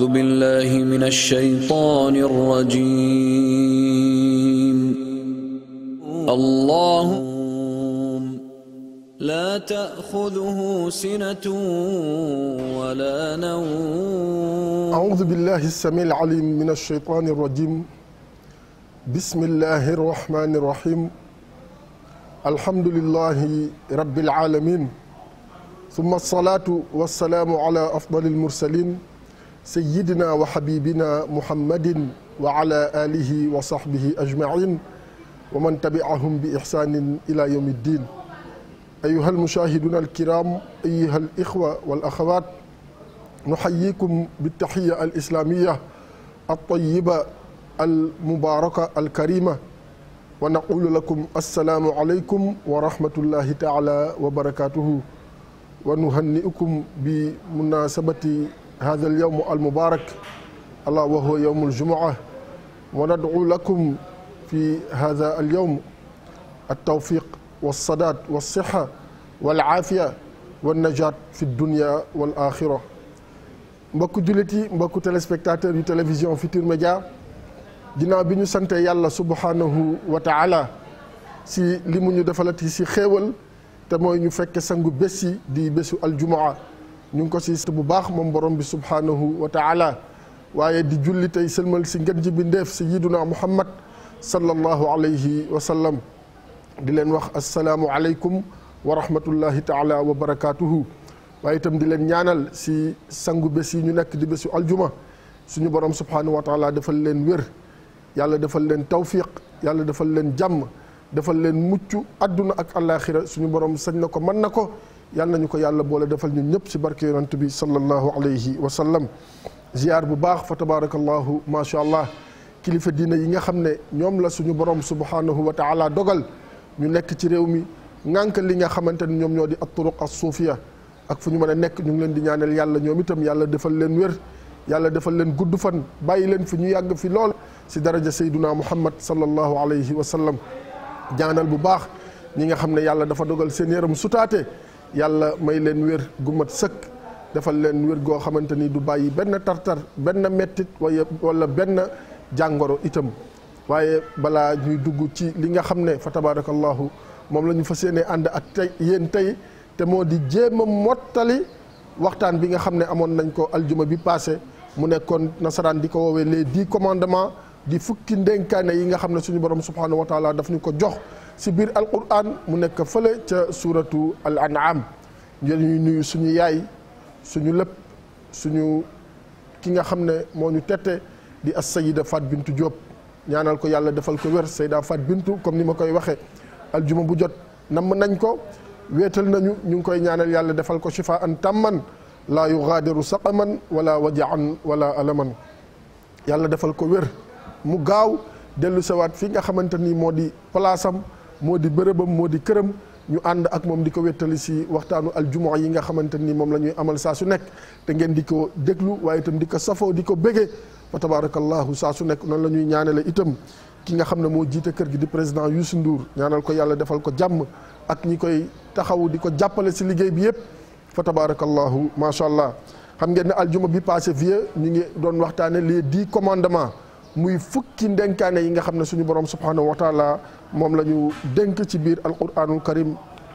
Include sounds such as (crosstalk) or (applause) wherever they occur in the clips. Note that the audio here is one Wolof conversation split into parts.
أعوذ بالله من الشيطان الرجيم الله لا تأخذه سنة ولا نوم أعوذ بالله السميع العليم من الشيطان الرجيم بسم الله الرحمن الرحيم الحمد لله رب العالمين ثم الصلاة والسلام على أفضل المرسلين sayyidina wa habibina muhammadin wa ala alihi wa sahbihi ajmain wa man tabi'ahum bi ihsanin ila yawmi ddin ayuha almushahiduna alkiram ayuha alikhwa wal akhawat nuhayyikum bittahiya alislamiya altayiba almubaraka alkarima wa naqulu lakum assalaamu aleykum wa rahmatullahi taala wa barakatuhu wa nuhanni'ukum bi munasabati هذا اليوم المبارك ألا وهو يوم الجمعة وندعو لكم في هذا اليوم التوفيق والسداد والصحة والعافية والنجاة في الدنيا والآخرة mbokku jullit yi mbokku téléspectateur yu télévision Futur Média ginnaaw bi ñu sante yàlla subhanahu wa taala si li mu ñu defalati si xéewal te mooy ñu fekk sangu bés yi di bésu aljumaa ñu ngi ko si sant bu baax moom borom bi subhaanahu wa taala waaye di julli tey sëlmal si ngën ji bi ndeef sayyiduna muhammad sallallahu alayhi wa sallam di leen wax asalaamu aleykum wa rahmatullahi taala wa barakaatuhu waaye itam di leen ñaanal si sangu bés yi ñu nekk di bésu aljuma suñu borom subhaanahu wa taala defal leen wér yàlla defal leen tawfiq yàlla defal leen jàmm defal leen mucc adduna ak alaxira suñu borom sañ na ko mën na ko yal nañu ko yàlla boole defal ñun ñëpp ci barke yonent bi sallallahu alayhi wa sallam ziar bu baax fa tabaarakallahu macha allah kilifa diina yi nga xam ne ñoom la suñu borom subhanahu wa taala dogal ñu nekk ci réew mi ngànk li nga xamante ni ñoom ñoo di at-turuq ak fu ñu mën a nekk ñu ngi leen di ñaanal yàlla ñoom itam yàlla defal leen wér yàlla defal leen gudd fan bàyyi leen fu ñu yàgg fi lool ci daraja sayduna muhammad sallallahu alayhi wa sallam jaanal bu baax ñi nga xam ne yàlla dafa dogal seen yaram sutaate yàlla may leen wér gu mat sëkk defal leen wér goo xamante ni du bàyyi benn tartar benn mettit waaye wala benn jàngoro itam waaye balaa ñuy dugg ci li nga xam ne fa tabarakallahu moom la ñu fas yéene ànd ak tey yéen tey te moo di jéem a mottali waxtaan bi nga xam ne amoon nañ ko aljuma bi passé mu nekkoon nasaraan di ko woowee les dix commandements di fukki ndenkaane yi nga xam ne suñu borom subhanahu wa taala daf ñu ko jox si biir alquran mu nekk fële ca suuratu al an'am ñu nuyu suñu yaay suñu lépp suñu ki nga xam ne moo ñu tette di as sayida Fat Bintu Diop ñaanal ko yàlla defal ko wér sayida Fat Bintu comme ni ma koy waxee aljuma bu jot namm nañ ko wéetal nañu ñu ngi koy ñaanal yàlla defal ko shifa an tàmman laa yugaadiru saqaman wala wajaan wala alaman yàlla defal ko wér mu gaaw dellu sewaat fi nga xamante ni moo di palaasam moo di bërëbam moo di këram ñu ànd ak moom di ko wettali si waxtaanu aljumaa yi nga xamante ni moom la ñuy amal saa su nekk te ngeen di ko déglu waaye itam di ko safoo di ko bége fa tabaarakallahu saa su nekk noonu la ñuy ñaanale itam ki nga xam ne moo jiite kër gi di président Youssou Ndour ñaanal ko yàlla defal ko jàmm ak ñi koy taxaw di ko jàppale si liggéey bi yëpp fa tabaarakallahu macha allah xam ngeen ne aljuma bi passé vieux ñu ngi doon waxtaane les dix commandements muy fukki ndenkaane yi nga xam ne suñu borom subhanahu wa moom la ñu dénk ci biir alquranul karim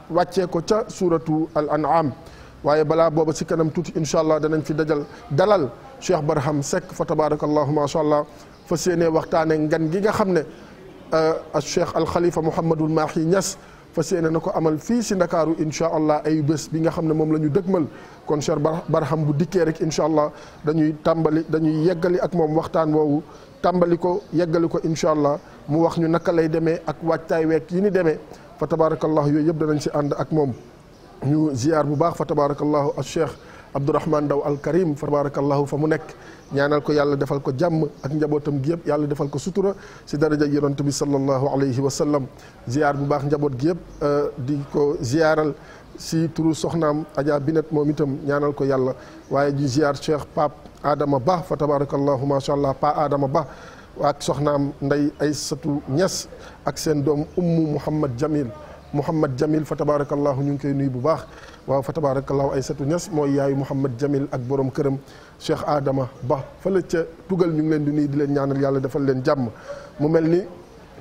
wàccee ko ca suuratu al an'am waaye balaa booba si kanam tuuti incha allah danañ fi dajal dalal Cheikh Barham Seck fa tabarakallahu macha allah fa séenee waxtaanee ngan gi nga xam ne euh, Cheikh Al Khalifa Mouhamadul Mahi ñas fa séene na ko amal fii si ndakaaru incha allah ay bés bi nga xam ne moom la ñu dëgmal kon Cheikh Barham bu dikkee rek incha allah dañuy tàmbali dañuy yeggali ak moom waxtaan woowu. tàmbali ko yeggali ko incha allah mu wax ñu naka lay demee ak waajtaay week yi ni demee fa tabaarakallahu yooyu yëpp danañ si ànd ak moom ñu ziar bu baax fa tabaarakallahu ak cheikh Abdourahmane Daw al Karim fa tabaarakallahu fa mu nekk ñaanal ko yàlla defal ko jàmm ak njabootam gi yëpp yàlla defal ko sutura si daraja yonent bi sallallahu alayhi wa sallam ziar bu baax njaboot gi yëpp euh, di ko ziaral si turu soxnaam Adja Binet moom itam ñaanal ko yàlla waaye di Adama Ba fa tabarakallahu macha allah pa Adama Ba ak soxnaam ay Aysatu Ñas ak seen doom ummu Mouhamad Jamil Mouhamad Jamil fa tabarakallahu ñu ngi koy nuyu bu baax waaw fa tabarakallahu Aysatu Ñas mooy yaayu Mouhamad Jamil ak borom këram Cheikh aadama Ba fële ca tugal ñu ngi leen di nuyu di leen ñaanal yàlla defal leen jàmm mu mel ni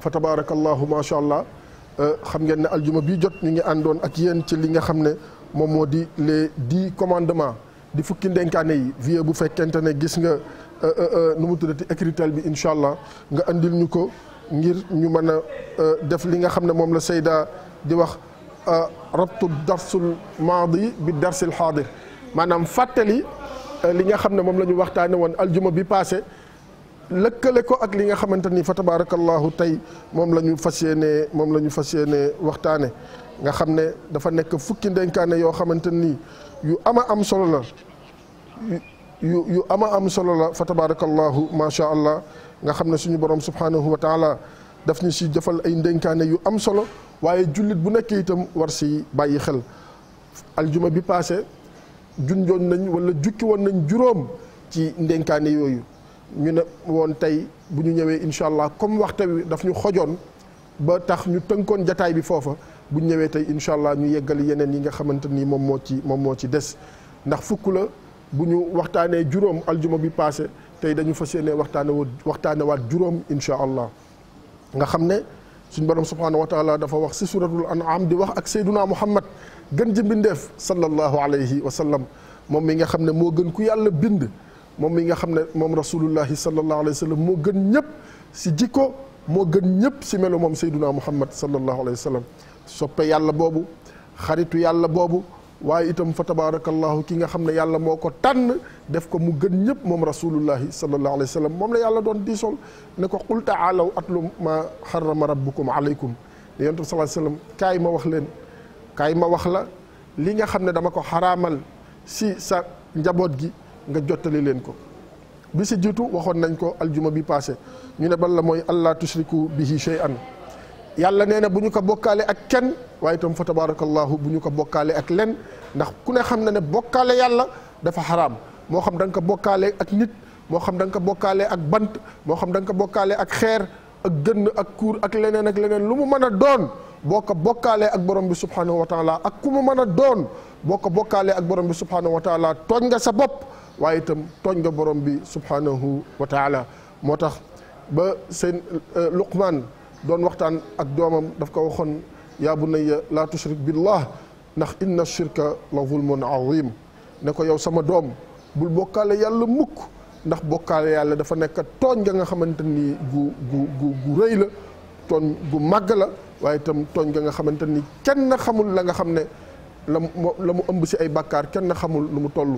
fa tabarakallahu macha allah euh, xam ngeen ne aljuma bii jot ñu ngi àndoon ak yéen ci li nga xam ne moom moo di les di fukki ndenkaane yi vieux bu fekkente ne gis nga euh, euh, euh, nu mu ti écritel bi incha allah nga andil ñu ko ngir ñu mën a def li nga xam ne moom la seydaa di wax rabtu darsul maadi bi darsil xaadir maanaam fàttali li nga xam ne moom la ñu waxtaane woon aljuma bi passé lëkkale ko ak li nga xamante ni fa tabaarakallahu tey moom la ñu fas yéene moom la ñu fas yéene waxtaane nga xam ne dafa nekk fukki ndenkaane yoo xamante nii yu ama am solo la yu yu ama am solo la fa tabarakallahu macha allah nga xam ne suñu borom subhanahu wa taala daf ñu si jëfal ay ndenkaane yu am solo waaye jullit bu nekk itam war si bàyyi xel aljuma bi passé junjoon nañ wala jukki woon nañ juróom ci ndenkaane yooyu ñu ne woon tey bu ñu ñëwee incha allah comme waxta wi daf ñu xojoon ba tax ñu tënkoon jataay bi foofa bu ñu ñëwee tey incha allah ñu yeggali yeneen yi nga xamante ni moom moo ci moom moo ci des ndax fukk la bu ñu waxtaanee juróom aljuma bi passé tey dañu fa yéene waxtaane waxtaane waat juróom incha allah nga xam ne suñ borom subhaanahu wa taala dafa wax si suratul an'am di wax ak sayduna muhammad gën ji mbindeef sallallahu alayhi wa sallam moom mi nga xam ne moo gën ku yàlla bind moom mi nga xam ne moom rasulullahi sallallahu alayhi wa sallam moo gën ñëpp si jikko moo gën ñëpp si melo moom sayduna muhammad sallallahu alayhi wa sallam soppe yàlla boobu xaritu yàlla boobu waaye itam fa tabaarakallahu kii nga xam ne yàlla moo ko tànn def ko mu gën ñëpp moom rasulullahi sallallahu alayhi wa sallam moom la yàlla doon diisool ne ko qul at atlu ma xarama rabbukum aleykum ne yonent bi sallallahu alayhi wa sallam kaay ma wax leen kaay ma wax la li nga xam ne dama ko xaraamal si sa njaboot gi nga jottali leen ko bi si jiitu waxoon nañ ko aljuma bi passé ñu ne ban la mooy allah tushriku bihi shay'an yàlla nee na bu ñu ko bokkaalee ak kenn waaye itam fa tabarakallahu bu ñu ko bokkaalee ak len ndax ku ne xam na ne bokkaale yàlla dafa xaraam moo xam da ko bokkaalee ak nit moo xam da ko bokkaale ak bant moo xam da ko bokkaale ak xeer ak gënn ak kuur ak leneen ak leneen lu mu mën a doon boo ko bokkaalee ak borom bi subhanahu wa taala ak ku mu mën a doon boo ko bokkaalee ak borom bi subhanahu wa taala tooñ nga sa bopp waaye itam tooñ nga borom bi subhanahu wa moo tax ba seen euh, Luqmaan doon waxtaan ak doomam daf ko waxoon yaa bunayya laa tushrik billah ndax inna shirka la zulmun azim ne ko yow sama doom bul bokkaale yàlla mukk ndax bokkaale yàlla dafa nekk tooñ ga nga xamante nii gu gu gu gu rëy la tooñ gu màgg la waaye itam tooñ nga nga xamante ni kenn xamul la nga xam ne la mu la mu ëmb si ay bàkkaar kenn xamul lu mu toll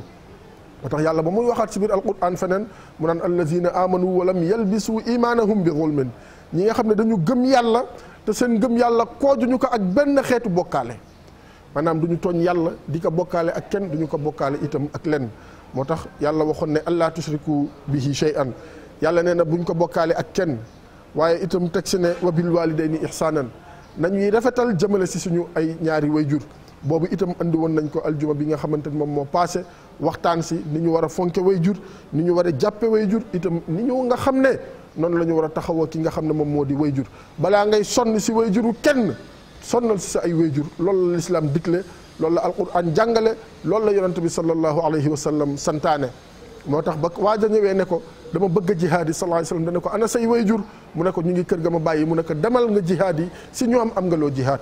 ba tax yàlla ba muy waxaat si biir alquran feneen mu naan allazina amanu walam yalbisu imaanahum bi zulmin ñi nga xam ne dañu gëm yàlla te seen gëm yàlla koo koojuñu ko ak benn xeetu bokkaale maanaam du ñu tooñ yàlla di ko bokkaale ak kenn du ñu ko bokkaale itam ak lenn moo tax yàlla waxoon ne allah tusriku bihi an yàlla nee na buñ ko bokkaale ak kenn waaye itam teg si ne wa ni walidayni na ñuy rafetal jëmale si suñu ay ñaari way jur boobu itam indi woon nañ ko aljuma bi nga xamante ni moom moo paase waxtaan si ni ñu war a fonke wayjur ni ñu war a jàppe wayjur itam ni ñu nga xam ne noonu la ñu war a taxawoo ki nga xam ne moom moo di jur balaa ngay sonn si way wayjuru kenn sonnal si sa ay jur loolu la lislaam digle loolu la alquran jàngale loolu la yonante bi sallallahu alayhi wa sallam santaane moo tax ba waaja ñëwee ne ko dama bëgg a jihaad yi sallallahu alayhi wa sallam dana ko ana say mu ne ko ñu ngi kër ga ma bàyyi mu nekk demal nga jihaad yi si ñoom am nga loo jihaad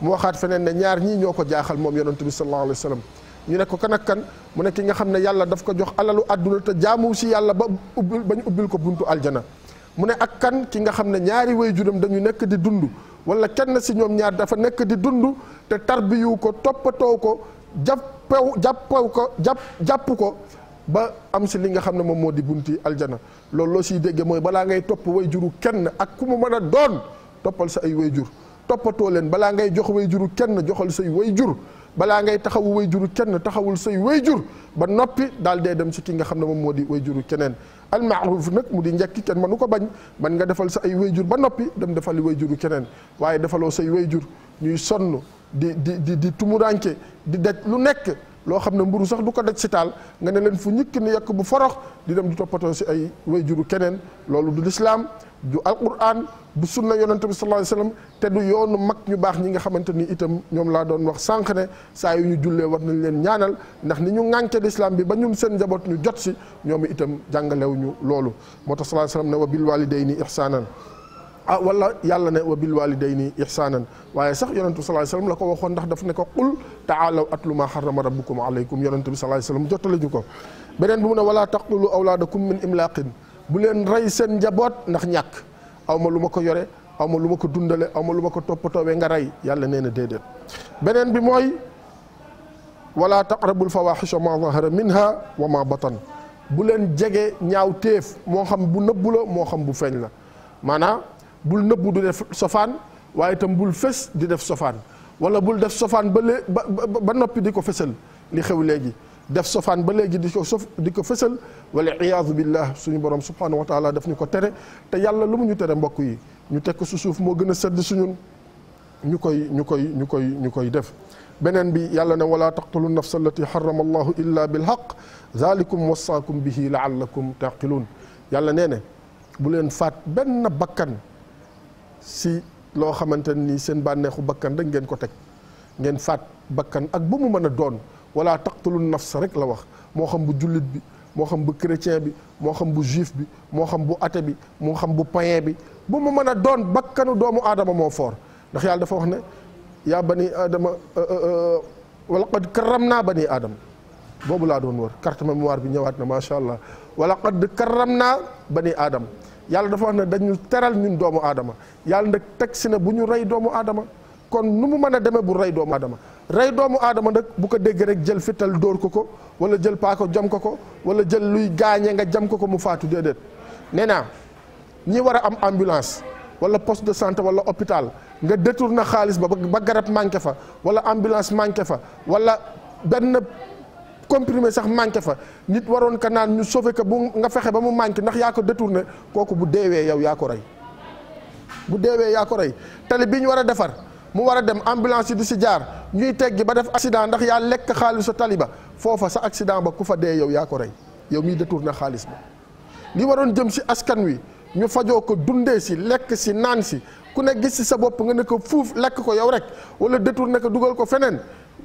mu waxaat feneen ne ñaar ñii ñoo ko jaaxal moom yonante bi sallallahu alayhi wa sallam ñu ne ko kan ak kan mu nekk ki nga xam ne yàlla daf ko jox alalu àdduna te jaamu si yàlla ba ubbil bañ ubbil ko buntu aljana mu ne ak kan ki nga xam ne ñaari waajuram dañu nekk di dund wala kenn si ñoom ñaar dafa nekk di dund te tarbiyu ko toppatoo ko jàppew jàppew ko jàpp jàpp ko ba am si li nga xam ne moom moo di bunti aljana loolu loo siy dégge mooy balaa ngay topp way juru kenn ak ku ma mën a doon toppal sa ay wayjur toppatoo leen balaa ngay jox way wayjuru kenn joxal say jur balaa ngay taxawu wayjuru kenn taxawul say jur ba noppi daal dee dem si ki nga xam ne moom moo di wayjuru keneen al maaruf nag mu di njekki kenn mënu ko bañ man nga defal sa ay wayjur ba noppi dem defali wayjuru keneen waaye defaloo say wayjur ñuy sonn di di di di tumuranke di daj lu nekk loo xam ne mburu sax du ko daj si taal nga ne leen fu ñikk ni yekk bu forox di dem di toppatoo si ay wayjuru keneen loolu du lislaam ju du alquran du sunna yonante bi sallallahu alayhi wasallam te du yoonu mag ñu baax ñi nga xamante ni itam ñoom laa doon wax sànq ne saa yu ñu jullee war nañ leen ñaanal ndax ni ñu ŋànke lislaam bi ba ñun seen njaboot ñu jot si ñoom itam jàngalewuñu loolu moo tax sallallahu alayhi wasallam ne wa bil walidayni ihsanan ah wala yàlla wa bil walidayni ihsanan waaye sax yonente bi sallallahu alayhi la ko waxoon ndax daf ne ko qul taalaw atlu ma harrama rabbukum alaykum yonente bi sallallahu alayhi wasallam ñu ko beneen bi mu ne wala taqtulu awlaadakum min bu leen rey seen njaboot ndax ñàkk aw ma lu ma ko yore aw ma lu ma ko dundale aw ma lu ma ko toppatoowee nga rey yàlla nee na déedéet beneen bi mooy wala taqrabul fawaxisha ma zahara minha wa ma batan bu leen jege ñaaw téef moo xam bu nëbbu la moo xam bu feeñ la maanaam bul nëbbu du def sofaan waaye itam bul fës di def sofaan wala bul def sofaan ba lée ba ba noppi di ko fësal li xew léegi def sofaan ba léegi di ko sof di ko fësal wala iyaadu billah suñu borom subhanahu wa taala daf ñu ko tere te yàlla lu mu ñu tere mbokk yi ñu teg ko su suuf moo gën a sedd suñun ñu koy ñu koy ñu koy ñu koy def beneen bi yàlla na walaa taqtulu nafsa allati harrama allahu illa bilhaq zalikum wasaakum bihi laallakum taqiluun yàlla nee ne bu leen faat benn bakkan si loo xamante ni seen bànneexu bakkan rek ngeen ko teg ngeen faat bakkan ak bu mu mën a doon wala taqtulu sa rek la wax moo xam bu jullit bi moo xam bu chrétien bi moo xam bu juif bi moo xam bu ate bi moo xam bu païen bi bu mu mën a doon bakkanu doomu aadama moo foor ndax yàlla dafa wax ne yaa bani aadama euh, euh, euh, wala qad karramnaa bani aadama boobu laa doon wër carte mémoire bi ñëwaat na macha allah wala qad karramnaa bani aadama yàlla dafa ne dañu teral ñun doomu aadama yàlla nag teg si ne bu ñu rey doomu aadama kon nu mu mën a demee bu rey doomu aadama rey doomu aadama nag bu ko dégg rek jël fital dóor ko ko wala jël paako jam ko ko wala jël luy gaañe nga jam ko ko mu faatu déedéet nee naa ñi war a am ambulance wala poste de santé wala hôpital nga détourné xaalis ba ba garab manqué fa wala ambulance manqué fa wala benn comprimé sax manqué fa nit waroon ka naan ñu sauvé ko bu nga fexe ba mu manqué ndax yaa ko détourné kooku bu deewee yow yaa ko rey bu deewee yaa ko rey tali bi ñu war a defar. mu war a dem ambulance yi di si jaar ñuy teggi ba def accident ndax yaa lekk xaalisu tali ba foofa sa accident ba ku fa dee yow yaa ko rey yow miy détourné xaalis ba li waroon jëm si askan wi ñu fajoo ko dundee si lekk si naan si ku ne gis si sa bopp nga ne ko fuuf lekk ko yow rek wala détourné ko dugal ko feneen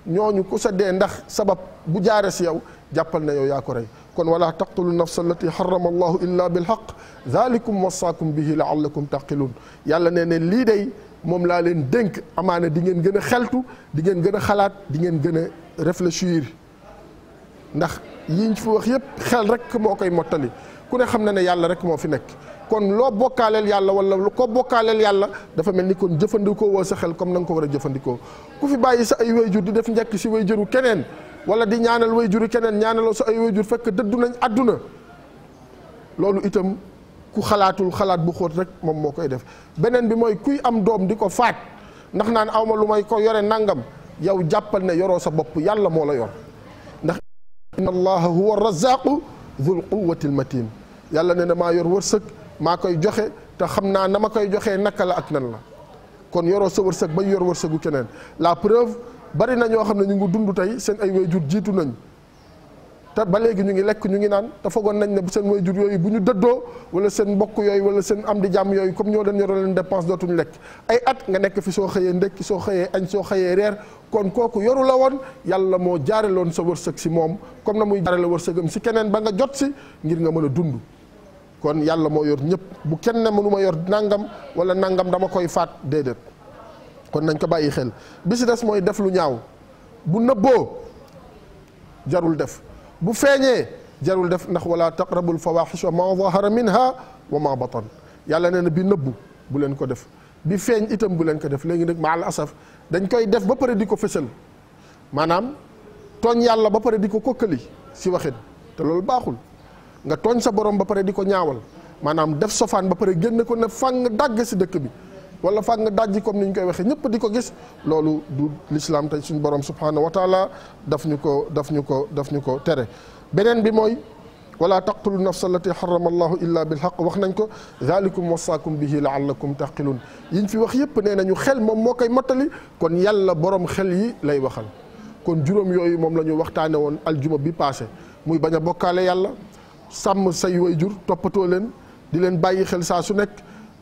ñooñu ku sa dee ndax sabab bu jaare si yow jàppal na yow yaa ko rey kon wala taqtulu nafsa allati harrama allahu illa bilhaq dhalikum wasaakum bihi laallakum taqiluun yàlla nee lii day moom laa leen dénk amaane di ngeen gën a xeltu di ngeen gën a xalaat di ngeen gën a réfléchir ndax yiñ fi wax yépp xel rekk moo koy mottali ku ne xam ne ne yàlla rek moo fi nekk kon loo bokkaaleel yàlla wala lu ko bokkaaleel yàlla dafa mel ni kon jëfandikoo woo sa xel comme na nga ko war a jëfandikoo ku fi bàyyi sa ay wayjur di def njëkk si wayjuru keneen wala di ñaanal wayjuru keneen ñaanaloo sa ay wayjur fekk dëddu nañ àdduna loolu itam ku xalaatul xalaat bu xóot rek moom moo koy def beneen bi mooy kuy am doom di ko faat ndax naan awma lu may ko yore nangam yow jàppal ne yoroo sa bopp yàlla moo la yor ndax inna allaha huwa razaqu dhul yàlla ne na maa yor wërsëg maa koy joxe te xam naa na ma koy joxee naka la ak nan la kon yoroo sa wërsëg bay yor wërsëgu keneen la preuve bari na ñoo xam ne ñu ngi dund tey seen ay waajur jiitu nañ te ba léegi ñu ngi lekk ñu ngi naan te foogoon nañ ne seen waajur yooyu bu ñu dëddoo wala seen mbokk yooyu wala seen am di jàmm yooyu comme ñoo doon yoro leen dépense dootuñu lekk ay at nga nekk fi soo xëyee ndekki soo xëyee añ soo xëyee reer kon kooku yoru la woon yàlla moo jaare loon sa wërsëg si moom comme na muy jaarale wërsëgam si keneen ba nga jot si ngir nga mën a dund kon yàlla moo yor ñëpp bu kenn mënu ma yor nangam wala nangam dama koy faat déedéet kon nañ ko bàyyi xel bi si des mooy def lu ñaaw bu nëbboo jarul def bu feeñee jarul def ndax wala taqrabul fawaxisha ma zahara minha wa ma batan yàlla nee na bi nëbbu bu leen ko def bi feeñ itam bu leen ko def léegi nag ma al asaf dañ koy def ba pare di ko fësal maanaam tooñ yàlla ba pare di ko kokkali si waxin te loolu baaxul nga tooñ sa borom ba pare di ko ñaawal maanaam def sofaan ba pare génn ko ne fang dàgg si dëkk bi wala faak nga dajji comme ni ñu koy waxee ñëpp di ko gis loolu du l'islam tey suñu borom subhanahu wa taala daf ñu ko daf ñu ko daf ñu ko tere beneen bi mooy wala taqtulu nafsa allati harama allahu illa bilhaq wax nañ ko bi la wasaakum bihi laallakum taqilun yiñ fi wax yëpp nee nañu xel moom moo koy mottali kon yàlla borom xel yi lay waxal kon juróom yooyu moom la ñu waxtaane woon aljuma bi passé muy bañ a bokkaale yàlla sàmm say way jur toppatoo leen di leen bàyyi xel saa su nekk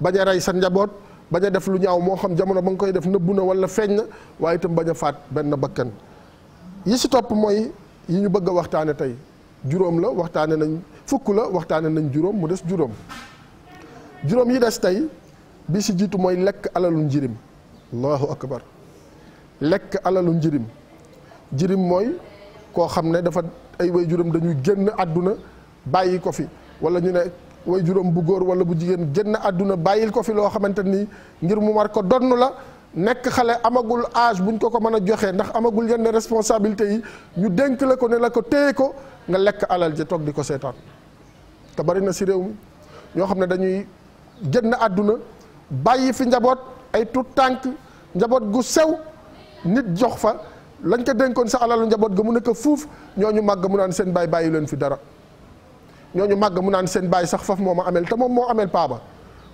bañ a rey sa njaboot bañ a def lu ñaaw moo xam jamono ba nga koy def nëbbu na wala feeñ na waaye itam bañ a faat benn bakkan yi si topp mooy yi ñu bëgg a waxtaane tey juróom la waxtaane nañ fukk la waxtaane nañ juróom mu des juróom juróom yi des tey bi si jiitu mooy lekk alalu njirim allahu akbar lekk alalu njirim njirim mooy koo xam ne dafa ay way juróom dañuy génn àdduna bàyyi ko fi wala ñu ne way juróom bu góor wala bu jigéen génn àdduna bàyyil ko fi loo xamante ni ngir mu war ko donn la nekk xale amagul âge buñ ko ko mën a joxee ndax amagul yenn responsabilité yi ñu dénk la ko ne la ko téye ko nga lekk alal ja toog di ko seetaan te bari na si réew mi ñoo xam ne dañuy génn àdduna bàyyi fi njaboot ay tout tànk njaboot gu sew nit jox fa lañ ko dénkoon sa alalu njaboot ga mu nekk fuuf ñu màgg mu naan seen baay bàyyi leen fi dara ñoo ñu màgg mu naan seen bàyyi sax faf moo ma ameel te moom moo amel paa ba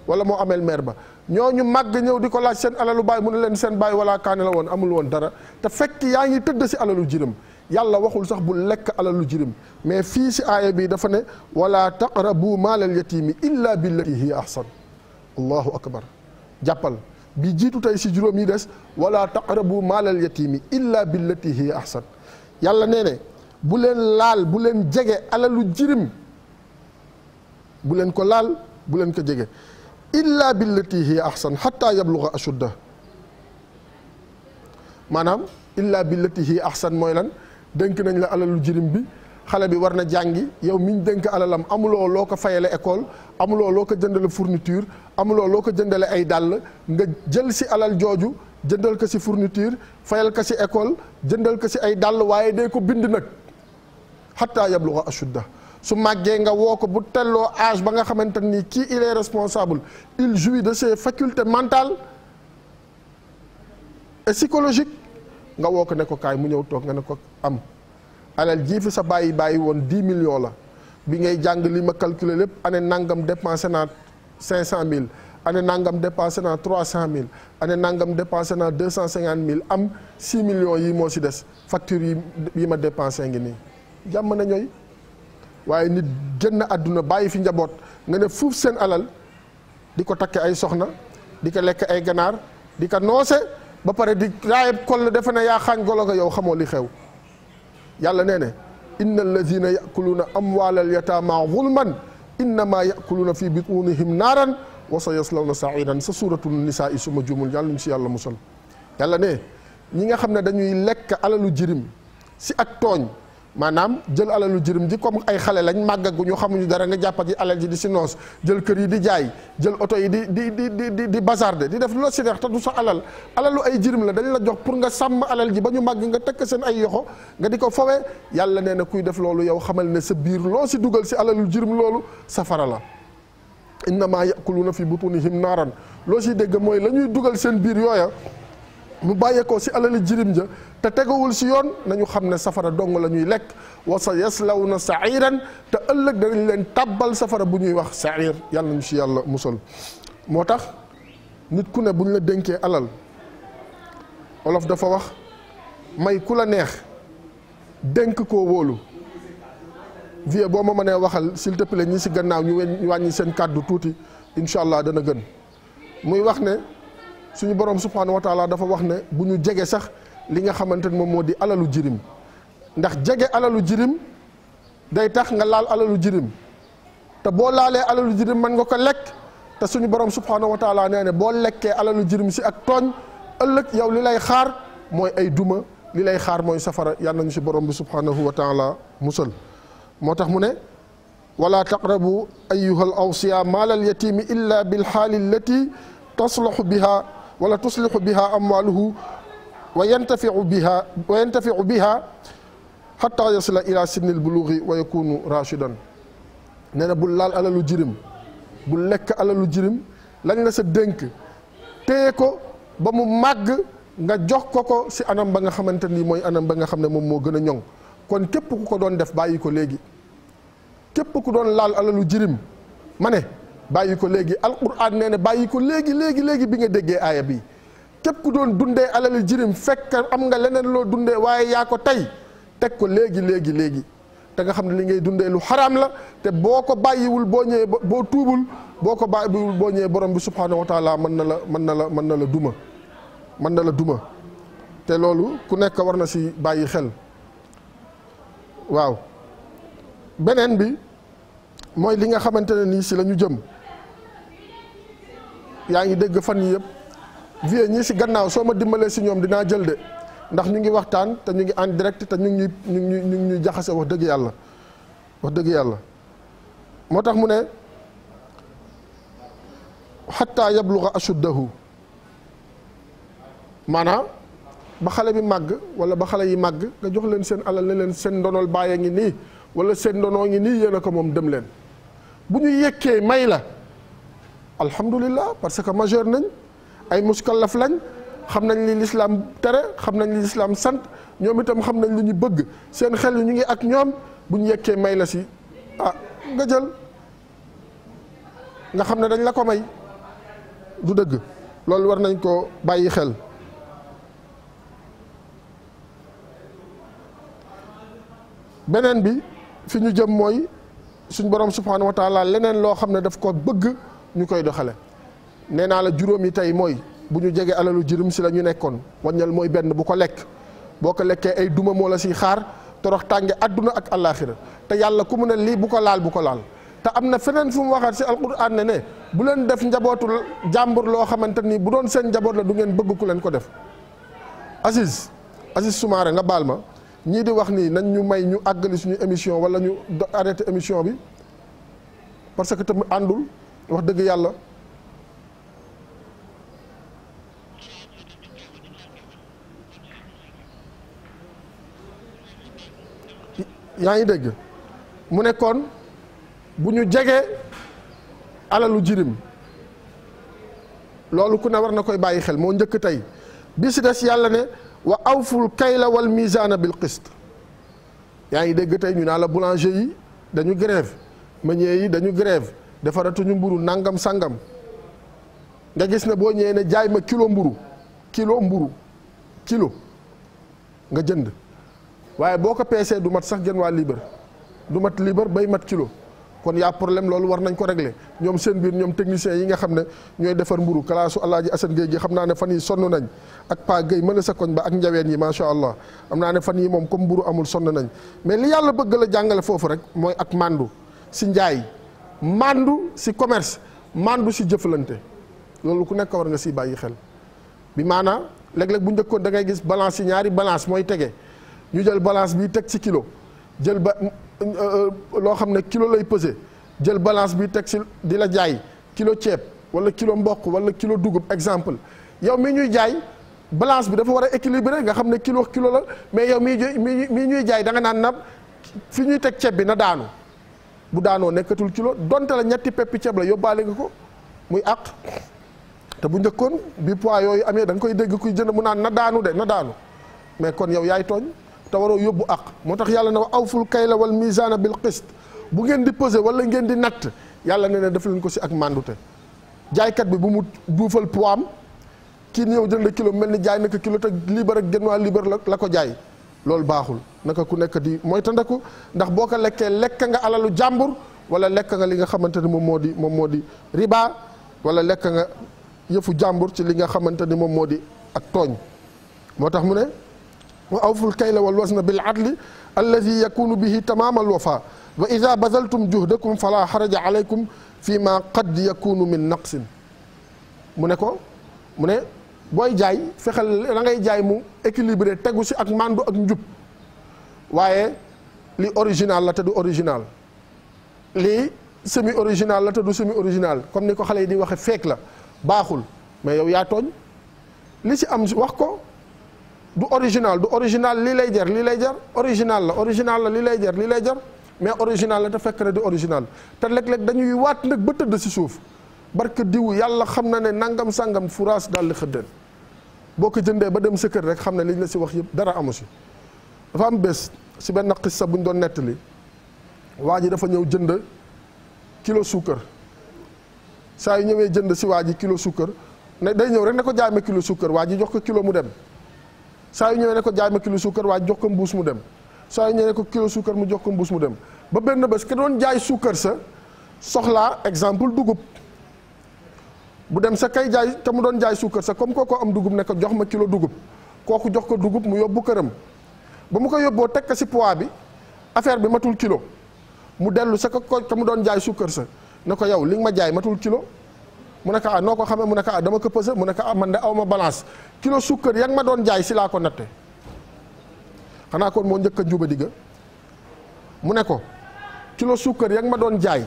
wala moo amel meer ba ñoo ñu màgg ñëw di ko laaj seen alalu baay mu ne leen seen baay wala kaane la woon amul woon dara te fekk yaa ngi tëdd si alalu jirim yàlla waxul sax bu lekk alalu jirim mais fii si aaya bii dafa ne wala taqrabu maalal yatiimi illa billati hiya ahsan allahu akbar jàppal bi jiitu tey si juróom yi des wala taqrabu maalal yatiimi illa billati hiya ahsan yàlla nee ne bu leen laal bu leen jege alalu jirim bu leen ko laal bu leen ko jege illa billati hiya ahsan xatta yabluga ashudda maanaam illa billati hiya ahsan mooy lan dénk nañ la alalu jirim bi xale bi war na jàngi yow mi dënk dénk am amuloo loo ko fayale école amuloo loo ko jëndale fourniture amuloo loo ko jëndale ay dàll nga jël si alal jooju jëndal ko si fourniture fayal ko si école jëndal ko si ay dàll waaye day ko bind nag xatta yabluga ashudda su màggee nga woo ko bu telloo âge ba nga xamante nii kii il est responsable il jouit de ses facultés mentales et psychologiques nga woo ko ne ko kaay mu ñëw toog nga ne ko am alal jii fi sa bàyyi bàyyi woon 10 millions la bi ngay jàng li ma calculer lépp année nangam dépensé naa 500000 année nangam dépensé naa 300000 année nangam dépensé naa 250000 am 6 millions yi moo si des factures yi yi ma dépensé ngi nii jàmm na ñooy. waaye nit génn àdduna bàyyi fi njaboot nga ne fuuf seen alal di ko takke ay soxna di ko lekk ay ganaar di ko noose ba pare di raayab koll defe ne yaa xaañ golo ko yow xamoo li xew yàlla nee ne inna alladina na amwaalal yataama na fii yakuluuna fi butunihim naaran wa sa yaslawna sairan sa suuratu nisaa i suma juumul yàlla si yàlla musal yàlla ne ñi nga xam ne dañuy lekk alalu jirim si ak tooñ maanaam jël alalu jërim ji comme ay xale lañ ñu xamuñu dara nga jàppati alal ji di si jël kër yi di jaay jël oto yi di di di di di bazarde di def la si neex du sa alal alalu ay jërim la dañu la jox pour nga sàmm alal ji ba ñu màgg nga tekk seen ay yoxo nga di ko fowe yàlla nee na kuy def loolu yow xamal ne sa biir loo si dugal si alalu jërim loolu safara la innama yakuluuna fi butunihim naaran loo si dégg mooy la ñuy dugal seen biir yooya mu bàyyeekoo si alali jirim ja te tegawul si yoon nañu xam ne safara dong la ñuy lekk wa sa yaslaw na sairan te ëllëg danañ leen tàbbal safara bu ñuy wax sair yàlla ñu si yàlla musal moo tax nit ku ne bu ñu la dénkee alal olof dafa wax may ku la neex dénk koo wóolu vie boo ma mënee waxal s'il te plaît si gannaaw ñu wàññi seen kàddu tuuti incha allah dana gën muy wax ne suñu borom subhaanahu wa taala dafa wax ne bu ñu jege sax li nga xamante ne moom moo di alalu jirim ndax jege alalu jirim day tax nga laal alalu jirim te boo laalee alalu jirim mën nga ko lekk te suñu borom subhaanahu wa taala nee ne boo lekkee alalu jirim si ak tooñ ëllëg yow li lay xaar mooy ay duma li lay xaar mooy safara yàlla nañu si borom bi subhaanahu wa taala musal moo tax mu ne wala taqrabu ayuha al awsiya maal al yatimi illa bilxaali allati taslahu biha wala tuslihu biha amwaluhu wa yantafiu biha wa yantafiu biha xata yasila ila sinnil buluuxi wa yakunu rachidan nee na bul laal alalu jirim bu lekk alalu jirim lañ la sa dénk téye ko ba mu màgg nga jox ko ko si anam ba nga xamante ni mooy anam ba nga xam ne moom moo gën a ñoŋ kon képp ku ko doon def bàyyi ko léegi képp ku doon laal alalu jirim ma ne bàyyi ko léegi alquran nee na bàyyi ko léegi léegi léegi bi nga déggee aaya bi képp ku doon dundee alali jirim fekk am nga leneen loo dundee waaye yaa ko tey teg ko léegi léegi léegi te nga xam ne li ngay dundee lu xaram la te boo ko bàyyiwul boo ñëwee boo tuubul boo ko bàyyiwul boo ñëwee borom bi subhaanahu wa taala mën na la mën na la mën na la duma mën na la duma te loolu ku nekk war na si bàyyi xel waaw beneen bi mooy li nga xamante ne nii si la ñu jëm yaa ngi dégg fan yi yëpp vie ñi si gannaaw soo ma dimbalee si ñoom dinaa jël de ndax ñu ngi waxtaan te ñu ngi en direct te ñu ngi ñu ngi ñu ngi ñuy jaxase wax dëgg yàlla wax dëgg yàlla moo tax mu ne xatta yabluga ashuddahu maanaam ba xale bi màgg wala ba xale yi màgg nga jox leen seen alal ne leen seen ndonol bàyyee ngi nii wala seen ndonoo ngi nii yéen ko moom dem leen bu ñu yékkee may la alhamdulilah parce que majeur nañ ay muskalaf lañ xam nañ li lislaam tere xam nañ li lislaam sant ñoom itam xam nañ lu ñu bëgg seen xel ñu ngi ak ñoom bu ñu yekkee may la si ah nga jël nga xam ne dañ la ko may du dëgg loolu war nañ ko bàyyi xel beneen bi fi ñu jëm mooy suñ borom subhanahu wa taala leneen loo xam ne daf ko bëgg ñu koy doxale nee naa la juróom yi tey mooy bu ñu jegee alalu jërëm si la ñu nekkoon waññal mooy benn bu ko lekk boo ko lekkee ay duma moo la siy xaar torox tànge àdduna ak àllaaxira te yàlla ku mu ne lii bu ko laal bu ko laal te am na feneen fu mu waxaat si alquran ne ne bu leen def njabootu jàmbur loo xamante ni bu doon seen njaboot la du ngeen bëgg ku leen ko def Aziz Aziz Soumaré nga baal ma ñii di wax nii nañ ñu may ñu àggali suñu émission wala ñu arrêté émission bi parce que tamit àndul wax dëgg yàlla yaa ngi dégg mu nekkoon bu ñu jegee alalu jirim loolu ku ne war na koy bàyyi xel moo njëkk tey bi si des yàlla ne wa awful kayla wal mizaana bil qist yaa ngi dégg tey ñu naa la boulanger yi dañu grève meunier yi dañu grève defaratuñu mburu nàngam sangam nga gis ne boo ñëwee ne jaay ma kilo mburu kilo mburu kilo nga jënd waaye boo ko peesee du mat sax genn waa liibar du mat liibar bay mat kilo kon yaa problème loolu war nañ ko régler ñoom seen biir ñoom techniciens yi nga xam ne ñooy defar mburu kalaasu alaaji asan géej gi xam naa ne fan yi sonn nañ ak pa géy mën a sa koñ ba ak njaween yi macha allah xam naa ne fan yi moom comme mburu amul sonn nañ mais li yàlla bëgg la jàngale foofu rek mooy ak màndu si njaay màndu si commerce màndu si jëflante loolu ku nekk war nga si bàyyi xel bi maanaa léeg-léeg bu njëkkoon da ngay gis balance yi ñaari balance mooy tege ñu jël balance bi teg si kilo jël ba euh, loo xam ne kilo lay pesé jël balance bi teg si di la jaay kilo ceeb wala kilo mboq wala kilo dugub exemple yow mii ñuy jaay balance bi dafa war a équilibré nga xam ne kilo kilo la mais yow mi mi ñuy jaay da naan na fi ñuy teg ceeb bi na daanu bu daanoo nekkatul kilo donte la ñetti peppi ceeb la yóbbaale nga ko muy àq te bu njëkkoon bi poids yooyu amee da koy dégg kuy jënd mu naan na daanu de na daanu mais kon yow yaay tooñ te waroo yóbbu àq moo tax yàlla na wa awful kayla wal mizaana bil qist bu ngeen di peser wala ngeen di natt yàlla ne ne def leen ko si ak màndute jaaykat bi bu mu duufal poids am kii ñëw jënd kilo mel ni jaay na ko kilo te liibar ak genn waa liibar la la ko jaay loolu baaxul naka ku nekk di mooy tandaku ndax boo ko lekkee lekk nga alalu jàmbur wala lekk nga li nga xamante ni moom moo di moom moo di riba wala lekk nga yëfu jàmbur ci li nga xamante ni moom moo di ak tooñ moo tax mu ne wa awful kayla wal wasna bil adli alladi yakunu bihi tamaamal wafa wa ida bazaltum juhdakum fala xaraja aleykum fi ma qad yakunu min naqsin mu ne ko mu ne booy jaay fexeel la ngay jaay mu équilibré tegu si ak màndu ak njub waaye li original la te du original lii semi original la te du semi original comme ni ko xale yi di waxe feek la baaxul mais yow yaa tooñ li si am wax ko du original du original lii lay jar lii lay jar original la original la lii lay jar lii lay jar mais original la te fekk na di original te léeg-léeg dañuy waat nag ba tëdd si suuf barke diw yàlla xam na ne nangam sàngam furaas daal di xëddeen boo ko jëndee ba dem sa kër rek xam ne liñ la si wax yëpp dara amu si dafa am bés si benn xissa buñ doon nettali waa ji dafa ñëw jënd kilo suukar saa yu ñëwee jënd si waa ji kilo suukar ne day ñëw rek ne ko jaay kilo suukar waa ji jox ko kilo mu dem saa yu ñëwee ne ko jaay ma kilo suukar waa ji jox ko mbuus mu dem saa yu ñëwee ne ko kilo suukar mu jox ko mbuus mu dem ba benn bés ka doon jaay suukar sa soxlaa exemple dugub. bu dem sa kay jaay te mu doon jaay suukar sa comme koo ko am dugub ne jox ma kilo dugub kooku jox ko dugub mu yóbbu këram ba mu ko yóbboo teg ko si poids bi affaire bi matul kilo mu dellu sa ko te mu doon jaay suukar sa ne ko yow li ma jaay matul kilo mu ne ah noo ko xamee mu ne ko ah dama ko pesé mu ne ko ah man de aw ma balance kilo suukar ya ma doon jaay si laa ko natte xanaa kon moo njëkk a jubadi ga mu ne ko kilo suukar ya ma doon jaay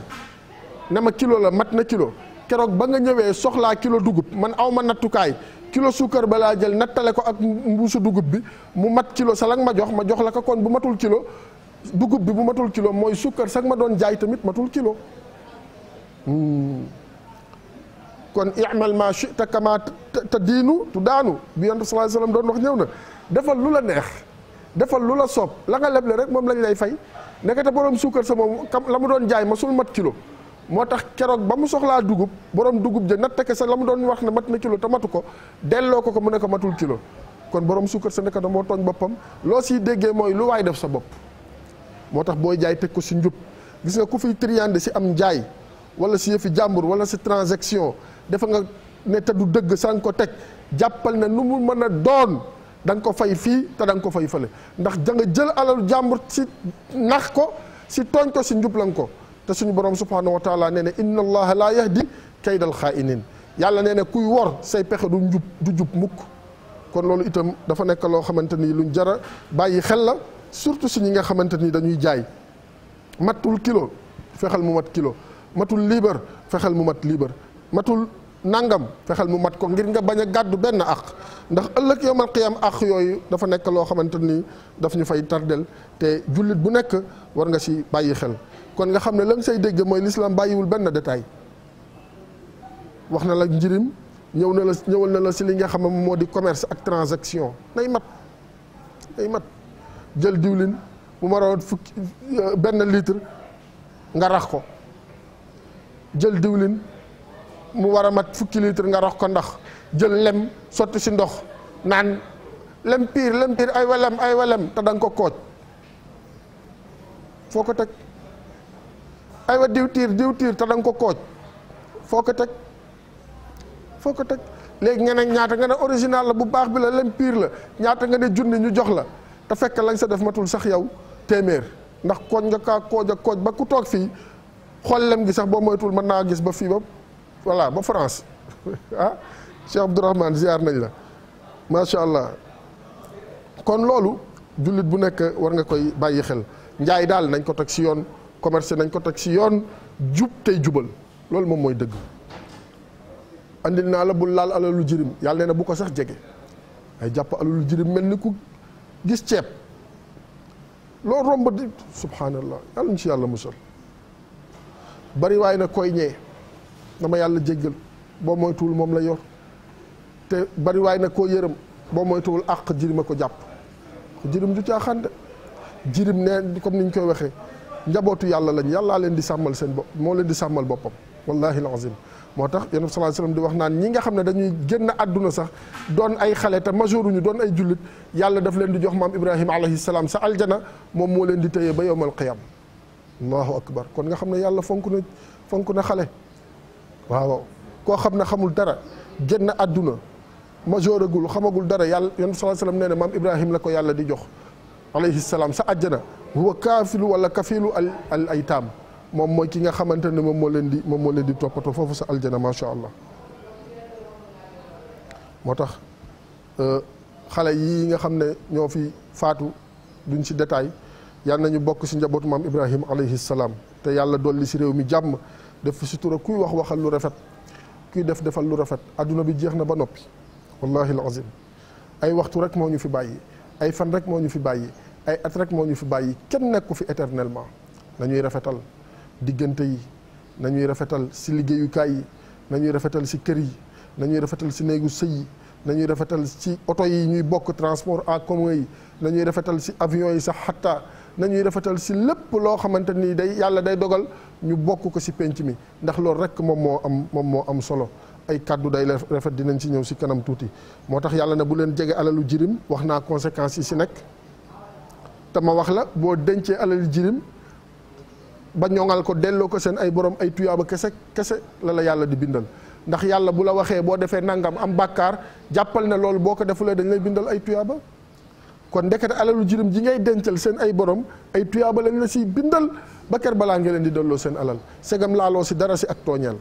ne ma kilo la mat na kilo keroog ba nga ñëwee soxlaa kilo dugub man aw ma nattukaay kilo suukar balaa jël nattale ko ak mbuusu dugub bi mu mat kilo sa lang ma jox ma jox la ko kon bu matul kilo dugub bi bu matul kilo mooy suukar sax ma doon jaay tamit matul kilo hmm. kon i'mal ma shi'ta kama te diinu tu daanu bi yonent sallallahu alayhi wasallam doon ñëw na defal lu la neex defal lu la soob la nga leble rek moom lañ lay fay nekkate borom suukar sa moom la mu doon jaay ma sul mat kilo moo tax keroog ba mu soxlaa dugub borom dugub ja natt ke sa la mu doon wax ne mat na kilo te matu ko delloo ko ko mu ne matul kilo kon borom suukar sa nekk da moo tooñ boppam loo siy déggee mooy lu waay def sa bopp moo tax booy jaay teg ko si njub gis nga ku fiy triande si am njaay wala si yëfi jàmbur wala si transaction dafa nga ne te du dëgg san ko teg jàppal ne nu mu mën a doon da nga ko fay fii te da nga ko fay fële ndax da jël alalu jàmbur si nax ko si tooñ si njub la ko te suñu borom subhanahu wa taala nee na inna allaha laa yahdi xaa inin yàlla nee na kuy wor say pexe du njub du jub mukk kon loolu itam dafa nekk loo xamante ni luñ jara bàyyi xel la surtout si ñi nga xamante ni dañuy jaay matul kilo fexel mu mat kilo matul liibar fexeel mu mat liibar matul nangam fexeel mu mat ko ngir nga bañ a gàddu benn àq ndax ëllëg yawmal qiyaam àq yooyu dafa nekk loo xamante ni daf ñu fay tardel te jullit bu nekk war nga si bàyyi xel kon nga xam ne la nga say dégg mooy lislaam bàyyiwul benn détail wax na la njirim ñëw na la ñëwal na la si li nga xam ne moo di commerce ak transaction nay mat nay mat jël diwlin bu ma rawat fukki euh, benn litre nga rax ko jël diwlin mu war a mat fukki litre nga rax ko ndax jël lem sotti si ndox naan lem piir lem piir ay walem ay walem te da ko kooj foo ko teg aywa diwtiir diwtiir te da nga ko kooj foo ko teg foo ko teg léegi nga ne ñaata nga ne original la bu baax bi la lem piir la ñaata nga ne junni ñu jox la te fekk lañ sa def matul sax yow téeméer ndax kooj nga kaa kooj kooj ba ku toog fii xool lem gi sax boo moytul mën naa gis ba fii ba voilà ba France (laughs) ah Cheikh Abdourahmane ziar nañ la macha allah kon loolu jullit bu nekk war nga koy bàyyi xel njaay daal nañ ko teg si yoon. commercé nañ ko teg ci yoon jub tey jubal loolu moom mooy dëgg andil naa la bul laal alalu jirim yàlla nee na bu ko sax jege ay jàpp alalu jirim mel ni ku gis ceeb loolu romb di subhanallah yàlla ñu ci yàlla musal bari waay na koy ñee dama yàlla jéggal boo moytuwul moom la yor te bari waay na koo yërëm boo moytuwul àq jirim a ko jàpp jirim du caaxaan de jirim nee comme ni ñu koy waxee njabootu yàlla lañ yàllaa leen di sàmmal seen bopp moo leen di sàmmal boppam wallahi alazim moo tax yonent bi sallallahu di wax naan ñi nga xam ne dañuy génn àdduna sax doon ay xale te majoru ñu doon ay jullit yàlla daf leen di jox maam ibrahima alayhi salaam sa aljana moom moo leen di téye ba yowmal qiyam allahu akbar kon nga xam ne yàlla fonk na fonk na xale waaw koo xam ne xamul dara génn àdduna majooragul xamagul dara yàlla yonent bi sallallahu alayhi wasallam nee na maam ibrahima la ko yàlla di jox alayhi salaam sa aljana huwa kaafilu wala kafilu al al aytaam moom mooy ki nga xamante ne moom moo leen di moom moo leen di toppatoo foofu sa aljana macha allah moo tax euh, xale yi nga xam ne ñoo fi faatu duñ ci détail yal nañu bokk ci njabootu maam Ibrahim alayhi salaam te yàlla dool li si réew mi jàmm def fi sutura kuy wax waxal lu rafet kuy def defal lu rafet àdduna bi jeex na ba noppi wallahi alazim ay waxtu rek moo ñu fi bàyyi ay fan rek moo ñu fi bàyyi. ay at rek moo ñu fi bàyyi kenn nekku fi éternellement nañuy rafetal diggante yi nañuy rafetal si liggéeyukaay yi nañuy rafetal si kër yi nañuy rafetal si néegu sëy yi nañuy rafetal si oto ñuy bokk transport en commun yi nañuy rafetal si avion yi sax xatta nañuy rafetal si lépp loo xamante ni day yàlla day dogal ñu bokk ko si penc mi ndax loolu rek moom moo am moom moo am solo ay kàddu day rafet dinañ ci ñëw si kanam tuuti moo tax yàlla ne bu leen jege alalu jirim wax naa conséquences yi si nekk te ma wax la boo dencee alal jirim ba ñoŋal ko delloo ko seen ay borom ay tuyaaba kese kese la la yàlla di bindal ndax yàlla bu la waxee boo defee nangam am bàkkaar jàppal ne loolu boo ko defulee dañ lay bindal ay tuyaaba kon ndekete alalu jirim ji ngay dencal seen ay borom ay tuyaaba lañ la siy bindal ba ker balaa nga leen di delloo seen alal segam laaloo si dara si ak tooñeel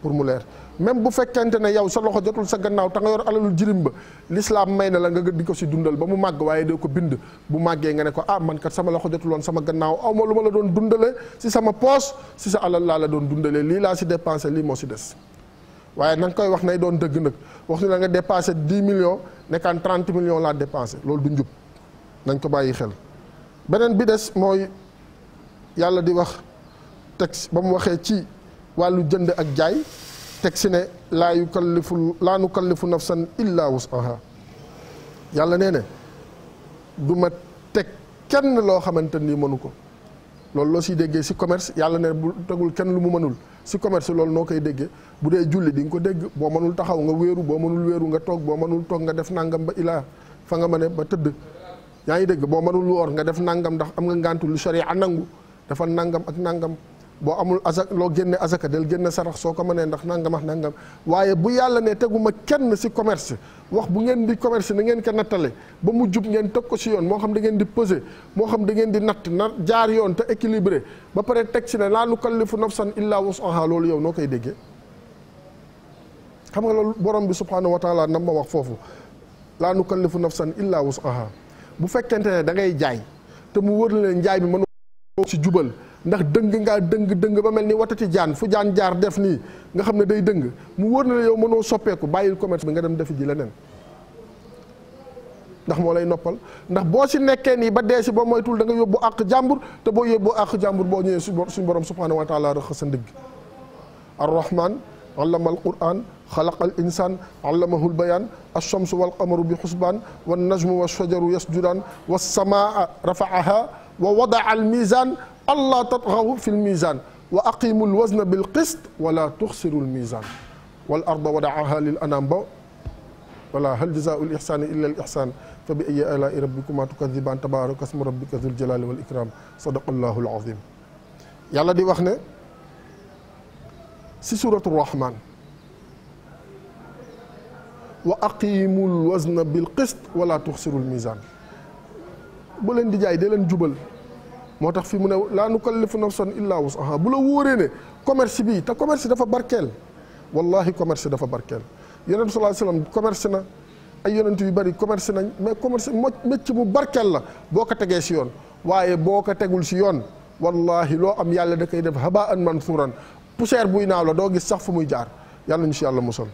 pour mu leer même bu fekkente ne yow sa loxo jotul sa gannaaw te nga yor alalul jirim ba lislaam may na la nga di ko si dundal ba mu màgg waaye doo ko bind bu màggee nga ne ko ah man kat sama loxo jotul woon sama gannaaw aw ma lu ma la doon dundale si sama poos si sa alal laa la doon dundale lii laa si dépensé lii moo si des waaye na koy wax nay doon dëgg nag wax ñu la nga dépassé 10 millions nekkaan 30 millions laa dépensé loolu du njub nañ ko bàyyi xel beneen bi des mooy yàlla di wax texte ba mu waxee ci wàllu jënd ak jaay teg si ne laa yukallifu laa nukallifu nafsan illa wusaha yàlla nee ne du ma teg kenn loo xamante nii mënu ko loolu loo si déggee si commerce yàlla ne bu tegul kenn lu mu mënul si commerce loolu noo koy déggee bu dee julli di nga ko dégg boo mënul taxaw nga wéeru boo mënul wéeru nga toog boo mënul toog nga def nangam ba ilaa fa nga mëne ba tëdd yaa ngi dégg boo mënul woor nga def nangam ndax am nga ngàntu lu sharia nangu dafa nangam ak nangam boo amul azak loo génne azaka del génne sarax soo ko mënee ndax nangam ak nangam waaye bu yàlla ne teguma kenn si commerce wax bu ngeen di commerce na ngeen ko nattale ba mu jub ngeen teg ko si yoon moo xam da ngeen di peser moo xam da ngeen di natt na jaar yoon te équilibré ba pare teg si ne laa nukallifu nafsan illaa wus'aha loolu yow noo koy déggee xam nga loolu borom bi subhaanahu wa taala nam ma wax foofu laa nukallifu nafsan illaa wus'aha bu fekkente ne da ngay jaay te mu wër la ne njaay bi mën si jubal ndax dëng ngaa dëng dëng ba mel ni watati jaan fu jaan jaar def nii nga xam ne day dëng mu wóor na la yow mënoo soppeeku bàyyi commerce bi nga dem defi ji leneen ndax moo lay noppal ndax boo ci nekkee nii ba dee si ba moytul da nga yóbbu àq jàmbur te boo yóbbu àq jàmbur boo ñëwee suñ borom subhanahu wa taala rëq sa ndigg arrahman allama alquran xalaqa al insan allamahul bayaan alchamsu wal qamaru bi xusbaan wannajmu washajaru yasjudaan wassamaa rafaaha wa wadaa almizan allah tatxaw fi lmisan wa aqimu lwasna bilqist wala tuxsiru lmisan wal arda wadaaha lil anam ba voilà hal jazaau l ixsani illa l ixsan fa bi ayi alaai rabbikuma tukadiban tabaraka smu rabbika zul jalali wal ikram sadaqallahu alazim yàlla di wax ne si suratu rahman wa aqimu lwasna bilqist wala tuxsiru lmisan bu leen di jaay dee leen jubal moo tax fi mu ne laa nukallifu nafsan illa wusaha bu la wóoree ne commerce bi te commerce dafa barkeel wallahi commerce dafa barkeel yonent sallallahu alayhi wasallam commerce na ay yonent yu bari commerce nañ mais commerce mo mécc mu barkeel la boo ko tegee si yoon waaye boo ko tegul si yoon wallahi loo am yàlla da koy def habaan mansuuran poussière buy naaw la doo gis sax fu muy jaar yàlla ñu si yàlla musal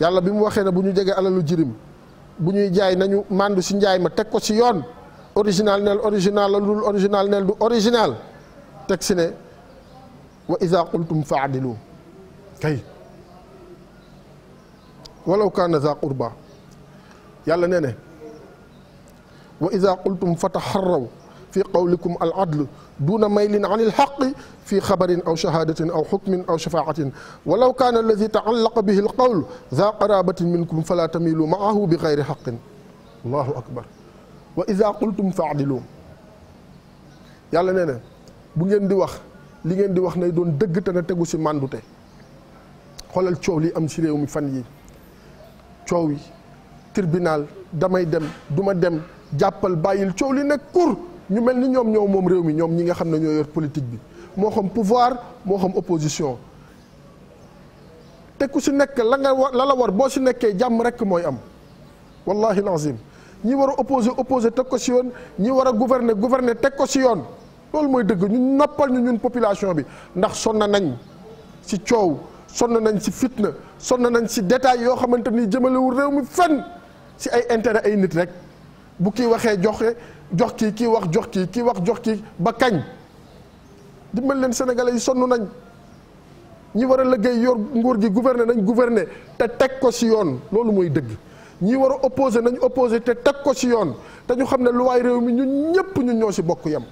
yàlla bi mu waxee ne bu ñu jegee alalu jirim bu ñuy jaay nañu màndu si njaay ma teg ko si yoon original neel original la lul original neel du original teg si ne wa ida qultum faadilu kay walaw kaana za qurba yàlla nee ne wa ida qultum fataxarraw fi qawlikum al adl duuna maylin an il xaqi fi xabarin aw shahadatin aw xukmin aw shafaatin walaw kaana alladi taallaqa bihi al qawl za qarabatin minkum fala tamilu maahu bi gayri xaqin allahu akbar wa iza qultum faadilu yàlla nee na bu ngeen di wax li ngeen di wax nay doon dëgg te na tegu si màndute xoolal coow li am si réew mi fan yi coow yi tribunal damay dem duma dem jàppal bàyyil coow li nekk kur ñu mel ni ñoom ñoo moom réew mi ñoom ñi nga xam ne ñoo yor politique bi moo xam pouvoir moo xam opposition te si nekk la nga la la war boo si nekkee jàmm rekk mooy am wallahi lazim ñi war a opposé opposé teg ko si yoon ñi war a gouverner gouverner teg ko si yoon loolu mooy dëgg ñu noppal ñu ñun population bi ndax sonn nañ si coow sonn nañ si fitna sonn nañ si détail yoo xamante ni jëmalewul réew mi fenn si ay intérêt ay nit rek bu kii waxee joxe jox kii ki wax jox kii kii wax jox kii ba kañ dimbal leen sénégalais yi sonn nañ ñi war a liggéey yor nguur gi gouverner nañ gouverner te teg ko si yoon loolu mooy dëgg ñi war a opposé nañu opposé te teg ko ci yoon te ñu xam ne lu waay réew mi ñu ñëpp ñu ñoo ci bokk yem.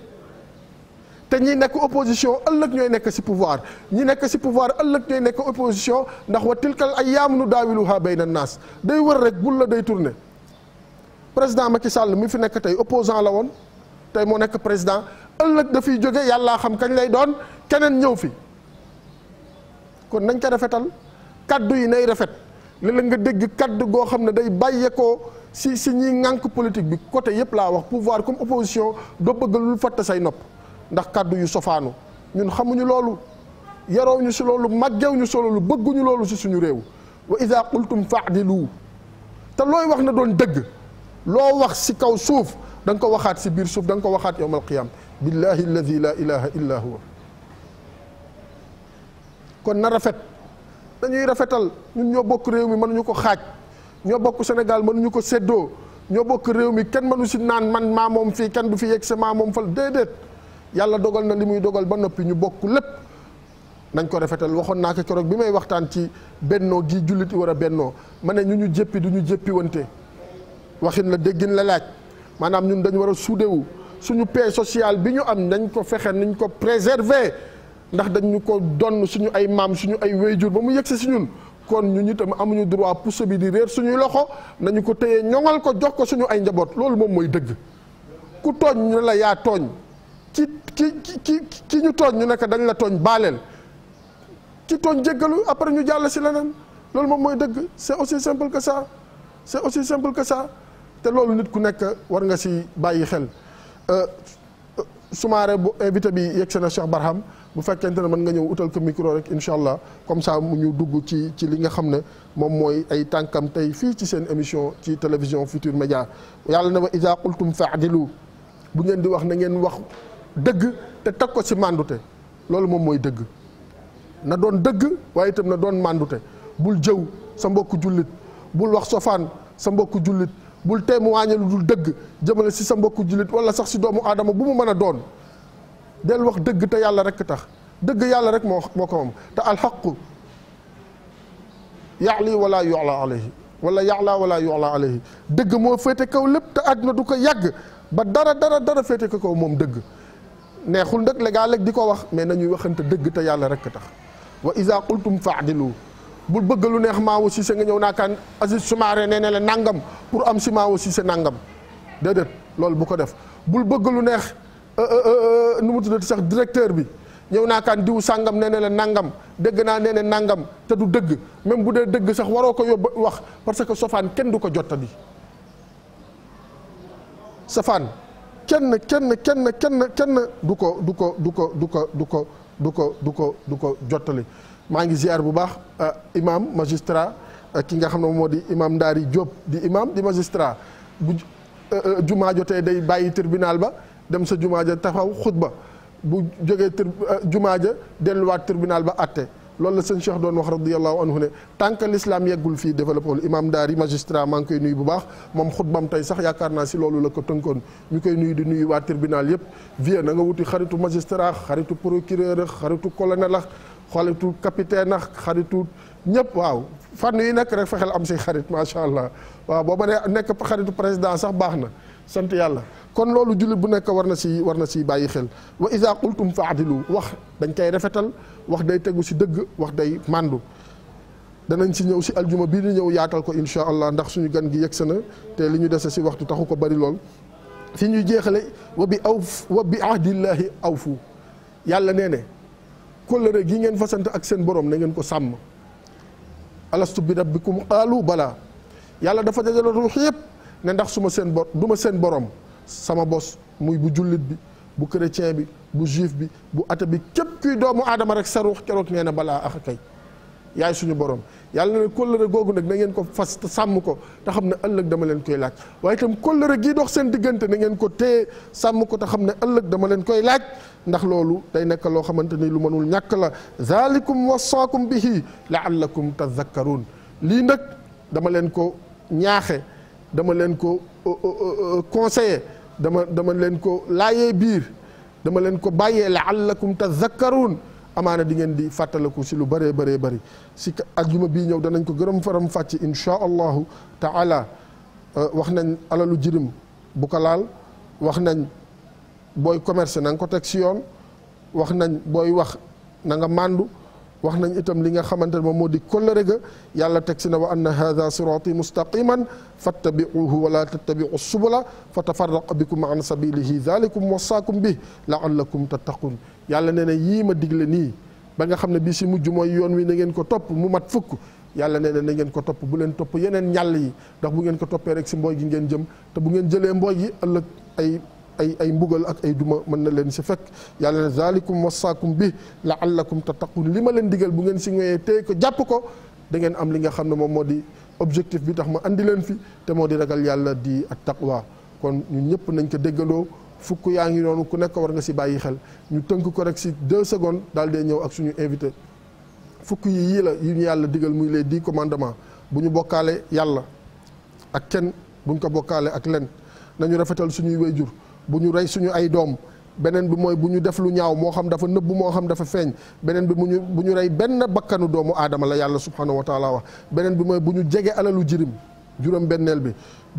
te ñi nekk opposition ëllëg ñooy nekk ci pouvoir ñi nekk ci pouvoir ëllëg ñooy nekk opposition ndax wa tilkal ayyaam nu daawiluha na naas day wër rek bul la day tourné président ma ci sàll mi fi nekk tey opposant la woon tey moo nekk président ëllëg dafiy jóge yàllaa xam kañ lay doon keneen ñëw fi kon nañ ko rafetal kàddu yi nay rafet. léeg-léeg nga dégg kadd goo xam ne day bàyyeekoo si si ñiy ŋànk politique bi côté yëpp laa wax pouvoir comme opposition doo bëgg lu fatt say nopp ndax kaddu yu sofaanu ñun xamuñu loolu yarowuñu si loolu ñu solo lu bëgguñu loolu si suñu réew wa ida qultum faadilu te looy wax na doon dégg loo wax si kaw suuf da ko waxaat si biir suuf da nga ko waxaat yowm alqiyama billahi alladi la illa huwa kon na rafet dañuy rafetal ñun ñoo bokk réew mi mënuñu ko xaaj ñoo bokk Sénégal mënuñu ko séddoo ñoo bokk réew mi kenn mënu si naan man maa moom fii kenn du fi yegg sa maa moom fal déedéet yàlla dogal na li muy dogal ba noppi ñu bokk lépp nañ ko rafetal waxoon naa ko keroog bi may waxtaan ci bennoo gi jullit war a bennoo ma ne ñu ñu jëppi du ñu jëppi wante waxin la déggin la laaj maanaam ñun dañu war a suudewu suñu pee sociale bi ñu am nañ ko fexe nañ ko préserver ndax dañ ñu ko donn suñu ay maam suñu ay jur ba mu yegsi si ñun kon ñu ñu itam amuñu droit pousse bi di réer suñuy loxo na ñu ko téye ñoŋal ko jox ko suñu ay njaboot loolu moom mooy dëgg ku tooñ ñu la yaa tooñ ci ci ci ci ñu tooñ ñu nekk dañ la tooñ baaleel ci tooñ jéggalu après ñu jàll si leneen loolu moom mooy dëgg c'est aussi simple que ça c'est aussi simple que ça te loolu nit ku nekk war nga si bàyyi xel euh, euh, Soumaré bu invité bi yegg se na Cheikh Barham bu fekkente ne mën nga ñëw utal ko micro rek incha allah comme ça mu ñu dugg ci ci li nga xam ne moom mooy ay tànkam tey fii ci seen émission ci télévision Futur Média yàlla na wa iza qultum fa'dilu bu ngeen di wax na ngeen wax dëgg te teg ko ci màndute loolu moom mooy dëgg na doon dëgg waaye tam na doon màndute bul jëw sa mbokku jullit bul wax sofaan sa mbokk jullit bul témoigner lu dul dëgg jëmale si sa mbokku jullit wala sax si doomu aadama bu mu mën a doon del wax dëgg te yàlla rek tax dëgg yàlla rek moo moo ko moom te alxaqu yaali wala yola alayhi wala yaalaa wala yola alayhi dëgg moo féete kaw lépp te àdduna du ko yàgg ba dara dara dara féete ko kaw moom dëgg neexul nag léeg-léeg di ko wax mais na ñuy waxante dëgg te yàlla rek tax wa iza qultum faadilu bul bëgg lu neex Maawo Cissé nga ñëw naakaan Aziz Soumaré nee na la nangam pour am si Maawo Cissé nangam déedéet loolu bu ko def bul neex Euh, euh, euh, nu mu tuddati sax directeur bi ñëw naa kaan diw sàngam nee na la nangam dëgg naa nee na nangam te du dëgg même bu dee dëgg sax waroo ko yóbbu wax parce que sofaan kenn du ko jottali sofaan kenn kenn kenn kenn kenn du ko du ko du ko du ko du ko du ko du ko du ko jottali maa ngi ziar bu baax imaam magistra ki nga xam ne moo di imaam Ndaari Diop di imaam di magistra bu jumaa jotee day bàyyi tribunal ba dem sa jumaa ja taxaw xutba bu jógee tur euh, jumaa ja delluwaat tribunal ba atte loolu la sëñ Cheikh doon wax radiallahu anhu ne tant que l'islam yeggul fii développé wul imam daari magistrat maa ngi koy nuyu bu baax moom xutbam tey sax yaakaar naa si loolu la ko tënkoon ñu koy nuyu di nuyu waa tribunal yëpp vie na nga wuti xaritu magistra xaritu procureur ak xaritu colonel ak xaritu capitaine ak xaritu ñëpp waaw fànn yi nekk rek fexeel am si xarit macha allah waaw booba ne nekk xaritu président sax baax na sant yàlla kon loolu jullit bu nekk war na si war na si bàyyi xel wa iza qultum faadilu wax dañ koy rafetal wax day tegu si dëgg wax day màndu danañ si ñëw si aljuma bii di ñëw yaatal ko incha allah ndax suñu gan gi yegsi na te li ñu dese si waxtu taxu ko bari lool fi ñuy jeexale wa bi aw wa bi ahdillahi awfu yàlla nee ne kóllëre gi ngeen fa sant ak seen borom na ngeen ko sàmm alastu bi rabbikum qaalu balaa yàlla dafa dajale ruux yëpp ne ndax suma seen bor du ma seen borom sama bos muy bu jullit bi bu chrétien bi bu juif bi bu ate bi képp kuy doomu aadama rek sa ruux keroog nee na balaa ax kay yaay suñu borom yàlla ne kóllëre googu nag na ngeen ko fas te sàmm ko te xam ne ëllëg dama leen koy laaj waaye itam kóllëre gii dox seen diggante na ngeen ko téye sàmm ko te xam ne ëllëg dama leen koy laaj ndax loolu day nekk loo xamante ni lu mënul ñàkk la bi zalikum wasaakum bihi laallakum tadakkaruun lii nag dama leen ko ñaaxe dama leen ko euh, euh, euh, conseiller dama dama leen ko laayee biir dama leen ko bàyyee laallakum tazakkaruun amaana di ngeen di fàttaleku si lu bëree bëree bari si ak ajuma bii ñëw danañ ko gërëm faram fàcc inchaa allahu taala wax nañ alalu jirim bu ko laal wax nañ booy commerce na nga ko teg si yoon wax nañ booy wax nanga màndu wax nañ itam li nga xamante ne moom moo di kóllëre ga yàlla teg si na wa anna hada sirati mustaqiman fattabiuhu wala tattabiu subula fa tafarraqa bikum an sabilihi dalikum wasaakum bi laallakum tattaqun yàlla nee na yii ma digle nii ba nga xam ne bii si mujj mooy yoon wi na ngeen ko topp mu mat fukk yàlla nee na na ngeen ko topp bu leen topp yeneen ñàll yi ndax bu ngeen ko toppee rek si mbooy gi ngeen jëm te bu ngeen jëlee mbooy gi ëllëg ay ay ay mbugal ak ay duma mën na leen si fekk yàlla ne zalikum wasaakum bi la laallakum tattaqun li ma leen digal bu ngeen si ñëwee tey ko jàpp ko dangeen am li nga xam ne moom moo di objectif bi tax ma indi leen fi te moo di ragal yàlla di ak waa kon ñun ñëpp nañ ko déggandoo fukk yaa ngi noonu ku nekk war nga si bàyyi xel ñu tënk ko rek si deux secondes daal dee ñëw ak suñu invité fukk yi yii la yu ñu yàlla digal muy les dix commandements bu ñu bokkaale yàlla ak kenn buñ ko bokkaale ak len nañu rafetal suñuy wéyjur bu ñu rey suñu ay doom beneen bi mooy bu ñu def lu ñaaw moo xam dafa nëbb moo xam dafa feeñ beneen bi mu ñu bu ñu rey benn bakkanu doomu aadama la yàlla subhanahu wa taala wax beneen bi mooy bu ñu jege alalu jirim juróom bi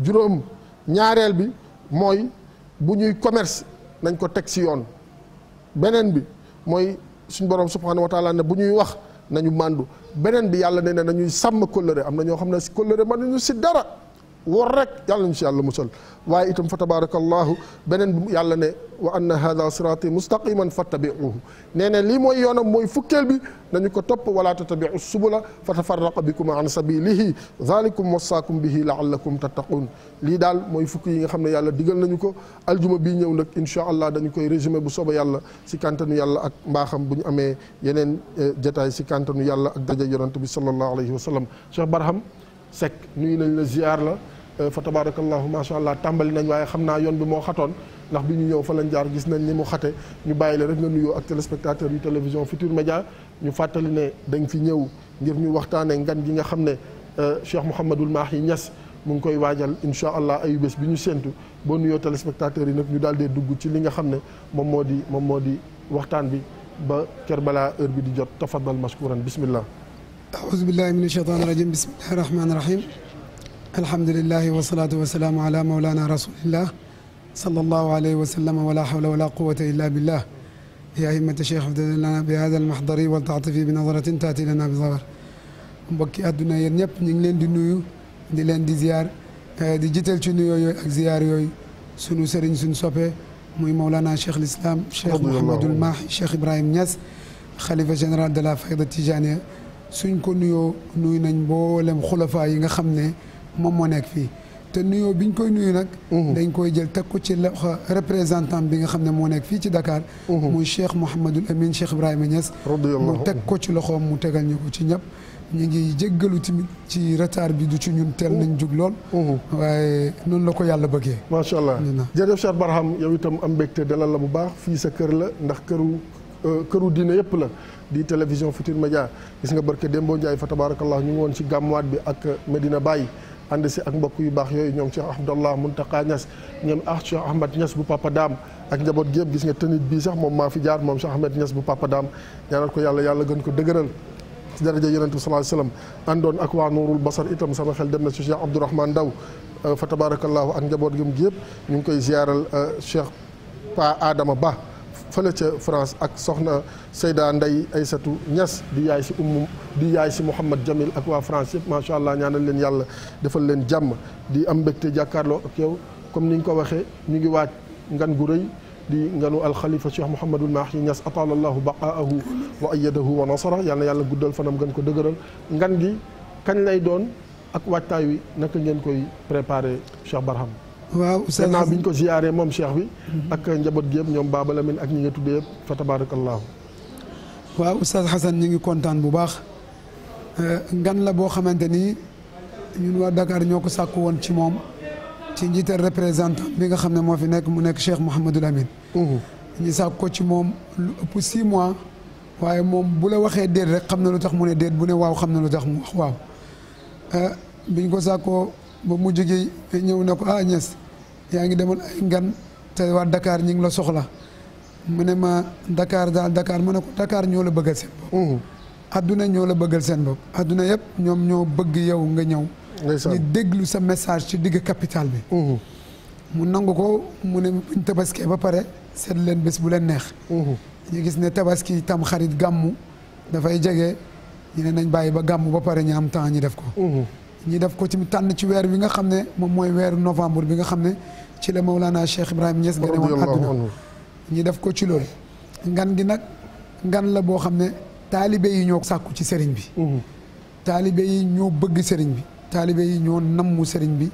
juróom ñaareel bi mooy bu ñuy commerce nañ ko teg ci yoon beneen bi mooy suñu borom subhanahu wa taala ne bu ñuy wax nañu màndu beneen bi yàlla ne ne nañuy sàmm kóllëre am na ñoo xam ne si man mënuñu si dara wor rek yàlla nañ ci yàlla musal waaye itam fa tabarakallahu beneen bi yàlla ne wa anna hada sirati mustaqiman fattabiuhu nee ne lii mooy yoonam mooy fukkeel bi nañu ko topp wala tatabiu subula fa tafarraqa bikum an sabilihi zalikum wasaakum bihi laallakum tattaqun lii daal mooy fukki yi nga xam ne yàlla digal nañu ko aljuma bii ñëw nag insha allah dañu koy résumé bu sooba yàlla si kantanu yàlla ak mbaaxam bu ñu amee yeneen eh, jataay si kantanu yàlla ak daja yonante bi sallallahu alayhi wa sallam Cheikh Barham Seck nuyu nañ la ziar la euh, fa tabarakallahu macha allah tàmbali nañ waaye xam naa yoon bi moo xatoon ndax bi ñu ñëw fa lañ jaar gis nañ li mu xate ñu bàyyi la rek nga nuyoo ak téléspectateur yu télévision Futur Média ñu fàttali ne dañ fi ñëw ngir ñu waxtaanee ngan gi nga xam ne euh, Cheikh Mouhamadul yi Niass mu ngi koy waajal incha allah ayu bés bi ñu séntu boo nuyoo téléspectateur yi nag ñu daal dee dugg ci li nga xam ne moom moo di moom moo di waxtaan bi ba kër balaa heure bi di jot tafadal mashkuran bismillah أعوذ بالله من الشيطان الرجيم بسم الله الرحمن الرحيم الحمد لله والصلاة والسلام على مولانا رسول الله صلى الله عليه وسلم ولا حول ولا قوة إلا بالله يا أئمة الشيخ حفظ لنا بهذا المحضر والتعطف بنظرة تأتي لنا بظهر mbokki àdduna yéen ñëpp ñu ngi leen di nuyu di leen di ziar eh, di jiital ci nuyoo yooyu ak ziar yooyu sunu sëriñ suñu soppe muy Mawlana Cheikh l'Islam Cheikh Mouhamadul Mahi Cheikh Ibrahim Niass xalifa général de la Fayda Tijaniya suñ ko nuyoo nuyu nañ boolem xulafaa yi nga xam ne moom moo nekk fii te nuyoo biñ koy nuyu nag. Mhm. dañ koy jël teg ko ci loxo représentant bi nga xam ne moo nekk fii ci Dakar. Mhm. muy Cheikh Mouhamadul Amin Cheikh Ibrahima Niass. mu teg ko ci loxoom mu tegal ñu ko ci ñëpp. ñu ngi jéggalu tamit ci retard bi du ci ñun teel nañ jug lool. Mhm. waaye noonu la ko yàlla bëggee. macha jël jërëjëf Cheikh Barham yow itam am mbégte dalal la bu baax fii sa kër la ndax këru euh, këru diine yëpp la. di télévision Futur Média gis nga barke Dembo Ndiaye fa tabarakallah ñu ngi woon ci gàmmuwaat bi ak Medina Baye ànd si ak mbokk yu baax yooyu ñoom Cheikh Abdallah Muntaka Niass ñoom ah Cheikh Ahmad Niass bu Papa Dam ak njaboot gépp gis nga tenit bii sax moom maa fi jaar moom Cheikh Ahmad Niass bu Papa Dam ñaanal ko yàlla yàlla gën ko dëgëral ci daraja yonent bi sallallahu alayhi wasallam àndoon ak waa Nuurul Basar itam sama xel dem na ci Cheikh Abdourahmane Ndaw fa tabarakallahu ak njaboot gi mu gépp ñu ngi koy ziaral euh, Cheikh Pa Ba fële ca France ak soxna Seyda Ndey ay Aysatu Ñas di yaay si ummu di yaay si Mouhamad Jamil ak waa France yëpp macha allah ñaanal leen yàlla defal leen jàmm di am mbégte jàkkaarloo ak yow comme ni ñu ko waxee ñu ngi waaj ngan gu rëy di nganu alxalifa cheikh Mouhamadul Mahi Ñas ataala allahu baqaahu wa ayadahu wa nasara yal na yàlla guddal fanam gën ko dëgëral ngan gi kañ lay doon ak waajtaay wi naka ngeen koy préparé Cheikh Barham waaw oustaz bi ñu ko ziyaaree moom cheikh bi. ak njaboot yëpp ñoom Baba Lamine ak ñi nga tuddee yëpp fa tabaarakallaahu. waaw oustaz Xasan ñu ngi kontaan bu baax. ngan eh, la boo xamante ni ñun waa Dakar ñoo ko sàkk woon ci moom. ci njiital représentant bi nga xam ne moo fi nekk mu nekk cheikh Mouhamadul Amin. Mm-hmm. ñu sàkk ko ci moom lu six mois. waaye moom bu la waxee déet rek xam na lu tax mu ne déet bu ne waaw xam na lu tax mu wax waaw. Eh, biñ ko sàkkoo ba mu gi ñëw na ko ah Niass yaa ngi demoon ay ngan te waa Dakar ñi ngi la soxla mu ne ma Dakar daal Dakar mu ne ko Dakar ñoo la bëggal seen bopp. adduna ñoo la bëggal seen bopp adduna yëpp ñoom ñoo bëgg yow nga ñëw. ñu déglu sa message ci digg capital bi. mu nangu ko mu ne buñ tabaskee ba pare seet leen bés bu leen neex. ñu gis ne tabaski tam xarit gàmmu dafay jege ñu ne nañ bàyyi ba gàmmu ba pare ñu am temps ñu def ko. ñi def ko ci tànn ci weer wi nga xam ne moom mooy weeru novembre bi nga xam ne ci la Mawlana Cheikh Ibrahima Niass gane woon àdduna ñi def ko ci lool ngan gi nag ngan la boo xam ne taalibe yi ñoo sàkku ci sëriñ bi mhm. taalibe yi ñoo bëgg sëriñ bi taalibe yi ñoo nammu sëriñ bi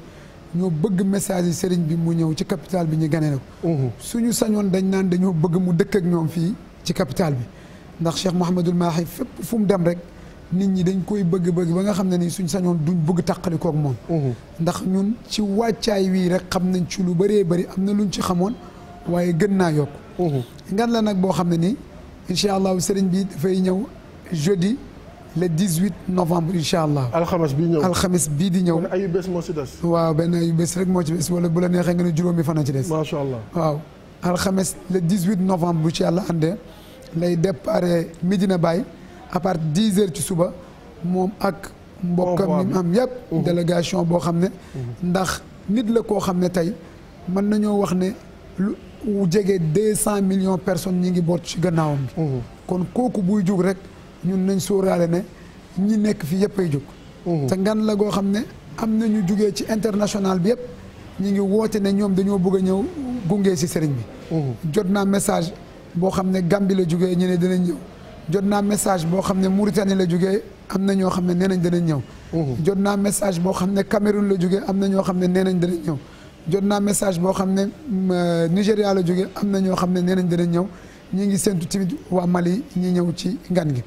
ñoo bëgg message yi sëriñ bi mu ñëw ci capital bi ñu gane na ko mhm. suñu sañoon dañ naan dañoo bëgg mu dëkk ak ñoom fii ci capital bi ndax Cheikh Mouhamadul Mahi fépp fu mu dem rek nit ñi dañ koy bëgg bëgg ba nga xam ne ni suñ sañoon duñ bëgg tàqalikoo ak moom. Mhm. ndax ñun ci wàccaay wii rek xam nañ ci lu bëree bari am na luñ ci xamoon waaye gën naa yokku. Mhm. ngan la nag boo xam ne ni incha allah sëriñ bi dafay ñëw jeudi le 18 novembre incha allah. alxames bii ñëw alxames bii di ñëw. kon ayu bés moo benn ayu bés rek moo ci des neexee nga ne juróomi fan a ci des. macha allah waaw alxames le 18 novembre bu ci yàlla àndee lay départ Medina Baye. à partir dix heures ci suba moom ak mbokkam yi am yépp délégation boo xam ne ndax nit la koo xam ne tey mën nañoo wax ne lu jege deux cent millions personnes ñi ngi boot ci gannaawam bi kon kooku buy jóg rek ñun nañ sóoraale ne ñi nekk fii yëpp ay jóg te ngan la goo xam ne am na ñu jugee ci international bi yëpp ñi ngi woote ne ñoom dañoo bugg a ñëw gungee si sëriñ bi jot naa message boo xam ne Gambie la jugee ñu ne danañ ñëw jot naa message boo xam ne Mauritanie la jógee am na ñoo xam ne nee nañ danañ ñëw. jot naa message boo xam ne Cameroun la jógee am na ñoo xam ne nee nañ danañ ñëw. jot naa message boo xam ne euh, Nigéria la jógee am na ñoo xam ne nee nañ danañ ñëw ñi ngi séntu tamit waa Mali ñi ñëw ci ngan gi.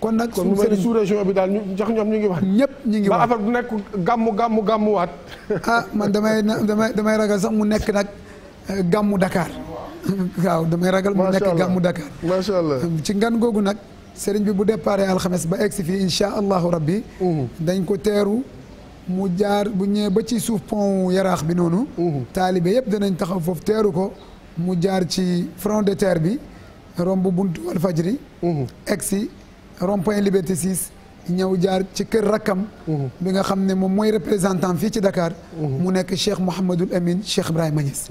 kon nag kon sous région bi daal ñu jox ñoom ñu ngi wax. ñëpp ñu ngi wax affaire bu nekk gàmmu gàmmu gàmmuwaat. ah man damay damay damay ragal sax mu nekk nag euh, gàmmu Dakar. waaw damay ragal mu nekk gàmmu Dakar macha allah ci ngan googu nag sëriñ bi bu départ alxames ba egsi fii incha allahu rabbi dañ ko teeru mu jaar bu ñëwee ba ci suuf pont yaraax bi noonu taalibe yëpp danañ taxaw foofu teeru ko mu jaar ci front de terre bi romb buntu Walfajri egsi rond point liberté 6 ñëw jaar ci kër rakkam bi nga xam ne moom mooy représentant fii ci Dakar mu nekk Cheikh Mouhamadoul Amine Cheikh Ibrahima Niass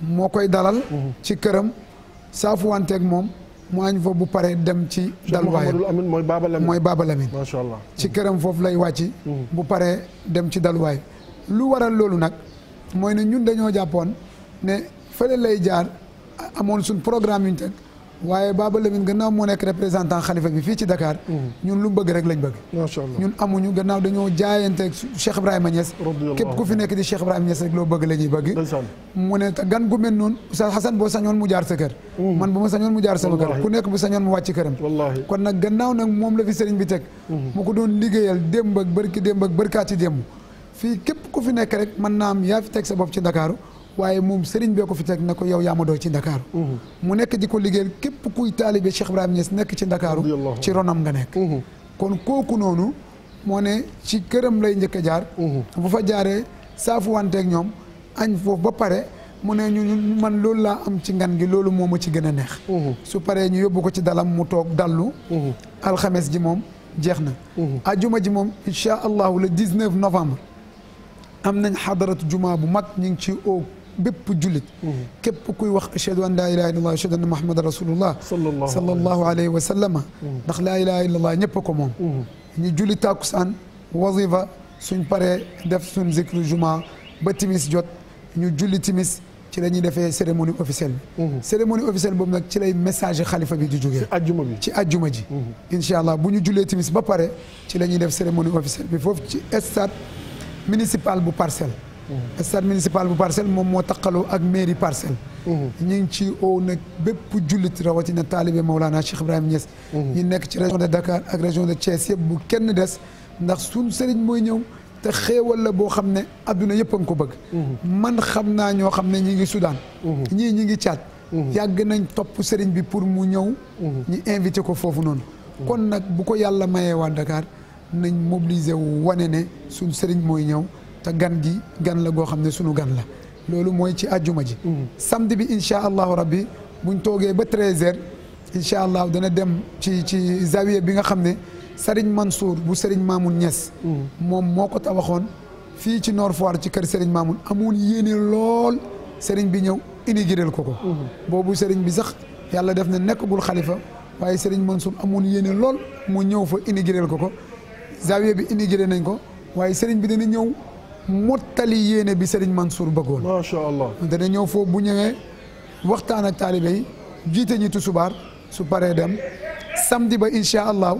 moo koy dalal mhm. ci këram saafuwanteeg moom mu añ fa bu paree dem ci daluwaayam mooy Baaba Lamine mooy Baaba Lamine macha ci këram foofu lay wàcc mhm. bu pare dem ci daluwaay lu waral loolu nag mooy ne ñun dañoo jàppoon ne fële lay jaar amoon suñ programme yuñ teg waaye Baba Lamine gannaaw moo nekk représentant xalifa bi fii ci Dakar. Mhm. ñun lu mu bëgg rek lañ bëgg. macha allah ñun amuñu gannaaw dañoo jaayanteeg Cheikh Ibrahima Niass. képp ku fi nekk di Cheikh Ibrahima Niass rek loo bëgg la bëgg. mu ne gan gu mel noonu Oustaz Xasan boo sañoon mu jaar sa kër. Mhm. man bu ma sañoon mu jaar sama kër ku nekk bu sañoon mu wàcc këram. kon nag gannaaw nag moom la fi sëriñ bi teg. Mhm. mu ko doon liggéeyal démb ak barki démb ak barkaati démb. fii képp ku fi nekk rek mën naa yaa teg sa bopp ci Ndakaaru waaye moom sëriñ bee ko fi teg na ko yow yaa ma doy ci ndakaaru mhm. mu nekk di ko liggéeyal képp kuy taalibe Cheikh Ibrahima Niass nekk ci ndakaaru ci ronam nga nekk mhm. kon kooku noonu moo ne ci këram lay njëkk a jaar mhm. bu fa jaaree saafu wanteeg ñoom añ foofu ba pare mu ne ñu man loolu laa am ci ngan gi loolu moom ma ci gën a neex su paree ñu yóbbu ko ci dalam mu toog dallu alxames ji moom jeex na a ajuma ji moom incha allahu le 19 novembre am nañ xadaratu juma bu mag ñu ngi ci au bépp jullit képp kuy wax ashhadu an laa ilaha illallah ashhadu anna muhammadan rasulullah sallallahu alayhi wa sallama ndax laa ilaha illallah ñëpp ko moom ñu julli tàkkusaan wazifa suñ paree def suñ zikru juma ba timis jot ñu julli timis ci la ñuy defee cérémonie officielle bi mhm. cérémonie officielle boobu nag ci lay message xalifa bi di jógee ci ajjuma bi ci ajjuma ji mhm. incha allah bu ñu jullee timis ba pare ci la ñuy def cérémonie officielle bi foofu ci stade municipal bu parcelle Mm-hmm. stade municipal bu parcelle moom moo taqaloo ak mairie parcelle mm-hmm. ñu ngi ci oo nag bépp jullit rawatina taalibe Maulana Cheikh Ibrahima Niass ñi mm-hmm. nekk ci région de Dakar ak région de Thiès yëpp bu kenn des ndax sun sëriñ mooy ñëw te xéewal la boo xam ne àdduna yëpp a nga ko bëgg man xam naa ñoo xam ne ñi ngi Soudan ñii ñi ngi Tchad yàgg nañ topp sëriñ bi pour mu ñëw ñu invité ko foofu noonu kon nag bu ko yàlla mayee waa Dakar nañ mobiliser wu wane ne suñ sëriñ mooy ñëw te gan gi gan la goo xam ne sunu gan la loolu mooy ci àjjuma ji mm. samedi bi incha allahu rabbi buñ toogee ba treize heures incha allah dana dem ci ci zawiya bi nga xam ne Serigne Mansour bu Serigne Mamoun Niass mm. moom moo ko tabaxoon fii ci Nord Foire ci kër Serigne Mamoun amoon yéene lool Serigne bi ñëw inaugurer ko ko mm. boobu Serigne bi sax yàlla def na nekkagul xalifa waaye Serigne Mansour amoon yéene lool mu ñëw fa inaugurer ko ko zawiya bi inaugurer nañ ko waaye Serigne bi dana ñëw mottali yéene bi Serigne Mansour bëggoon. macha allah dana ñëw foofu bu ñëwee waxtaan ak taalibe yi jiite ñi tusubaar su paree dem samedi ba incha allah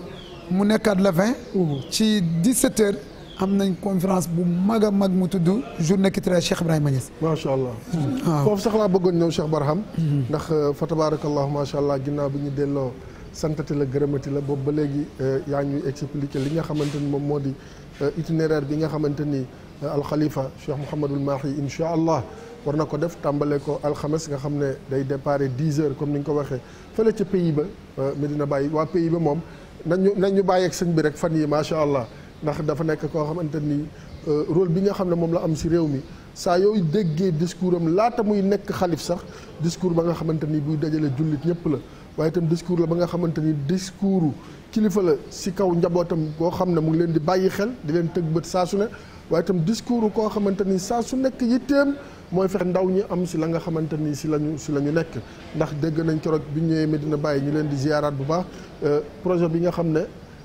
mu nekkaat le 20. ci 17h am nañu conférence bu mag a mag mu tudd journée culturelle Cheikh Ibrahima Niass. macha allah. Hmm. waaw foofu sax laa bëggoon ñëw Cheikh Barham. ndax euh, fa tabaarakallahu macha allah ginnaaw bi ñu delloo. santati la gërëmati la boobu ba léegi euh, yaa ñuy expliqué li nga xamante ni moom moo di euh, itinéraire bi nga xamante ni. alxalifa Cheikh Mouhamadul Mahi incha allah war na ko def tàmbale ko alxames nga xam ne day départ 10 heures comme ni nga ko waxee fële ca pays ba euh, Medina Baye waa pays ba moom nañu nañu bàyyeeg sëñ bi rek fan yi macha allah ndax dafa nekk koo xamante ni euh, rôle bi nga xam ne moom la am si réew mi saa yooyu déggee discours am laata muy nekk xalif sax discours ba nga xamante ni buy dajale jullit ñëpp la waaye itam discours la ba nga xamante ni discours kilifa la si kaw njabootam koo xam ne mu ngi leen di bàyyi xel di leen tëgg bët saa su waaye itam discours koo xamante ni saa su nekk yitteem mooy fex ndaw ñi am si la nga xamante ni si lañu si la ñu nekk ndax dégg nañ keroog bi ñëwee dina bàyyi ñu leen di ziaraat bu baax euh, projet bi nga xam ne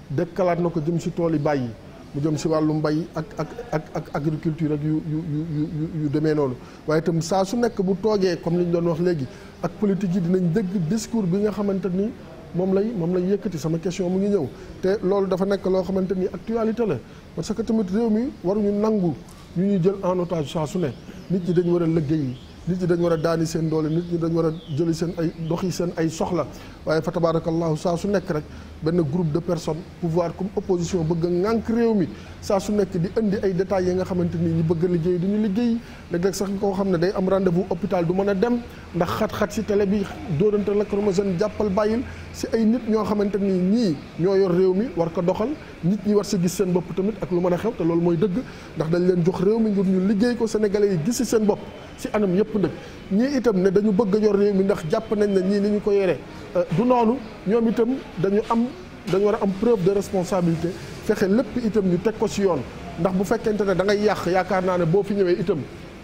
dëkkalaat na ko jëm si tool yi bàyyi mu jëm si wàllu mbay ak ak ak ak agriculture ak yu yu yu yu demee noonu waaye itam saa su nekk bu toogee comme li ñu doon wax léegi ak politique yi dinañ dégg discours bi nga xamante ni moom lay moom lay yëkkati sama question mu ngi ñëw te loolu dafa nekk loo xamante ni actualité la parce que tamit réew mi waruñu nangu ñu ñuy jël en otage saa su ne nit ñi dañu war a liggéey nit ñi dañu war a daani seen doole nit ñi dañu war a jëli seen ay doxi seen ay soxla waaye fa tabarakallahu saa su nekk rek benn groupe de personnes pouvoir comme opposition bëgg a ŋànk réew mi saa su nekk di indi ay détails yi nga xamante ni ñu bëgg a liggéey du ñu liggéey léeg-léeg sax nga koo xam ne day am rendez-vous hôpital du mën a dem ndax xat-xat si tele bi dóorante la seen jàppal bàyyil si ay nit ñoo xamante ni ñii ñoo yor réew mi war ko doxal nit ñi war si gis seen bopp tamit ak lu mën a xew te loolu mooy dëgg ndax dañ leen jox réew mi ngir ñu liggéey ko sénégalais gis si seen bopp si anam yëpp nag ñii itam ne dañu bëgg a yor réew mi ndax jàpp nañ na ñii ni ñu ko yore euh, du noonu ñoom itam dañu am dañu war a am preuve de responsabilité fexe lépp itam ñu teg ko ci yoon ndax bu fekkente ne da ngay yàq yaakaar naa ne boo fi ñëwee itam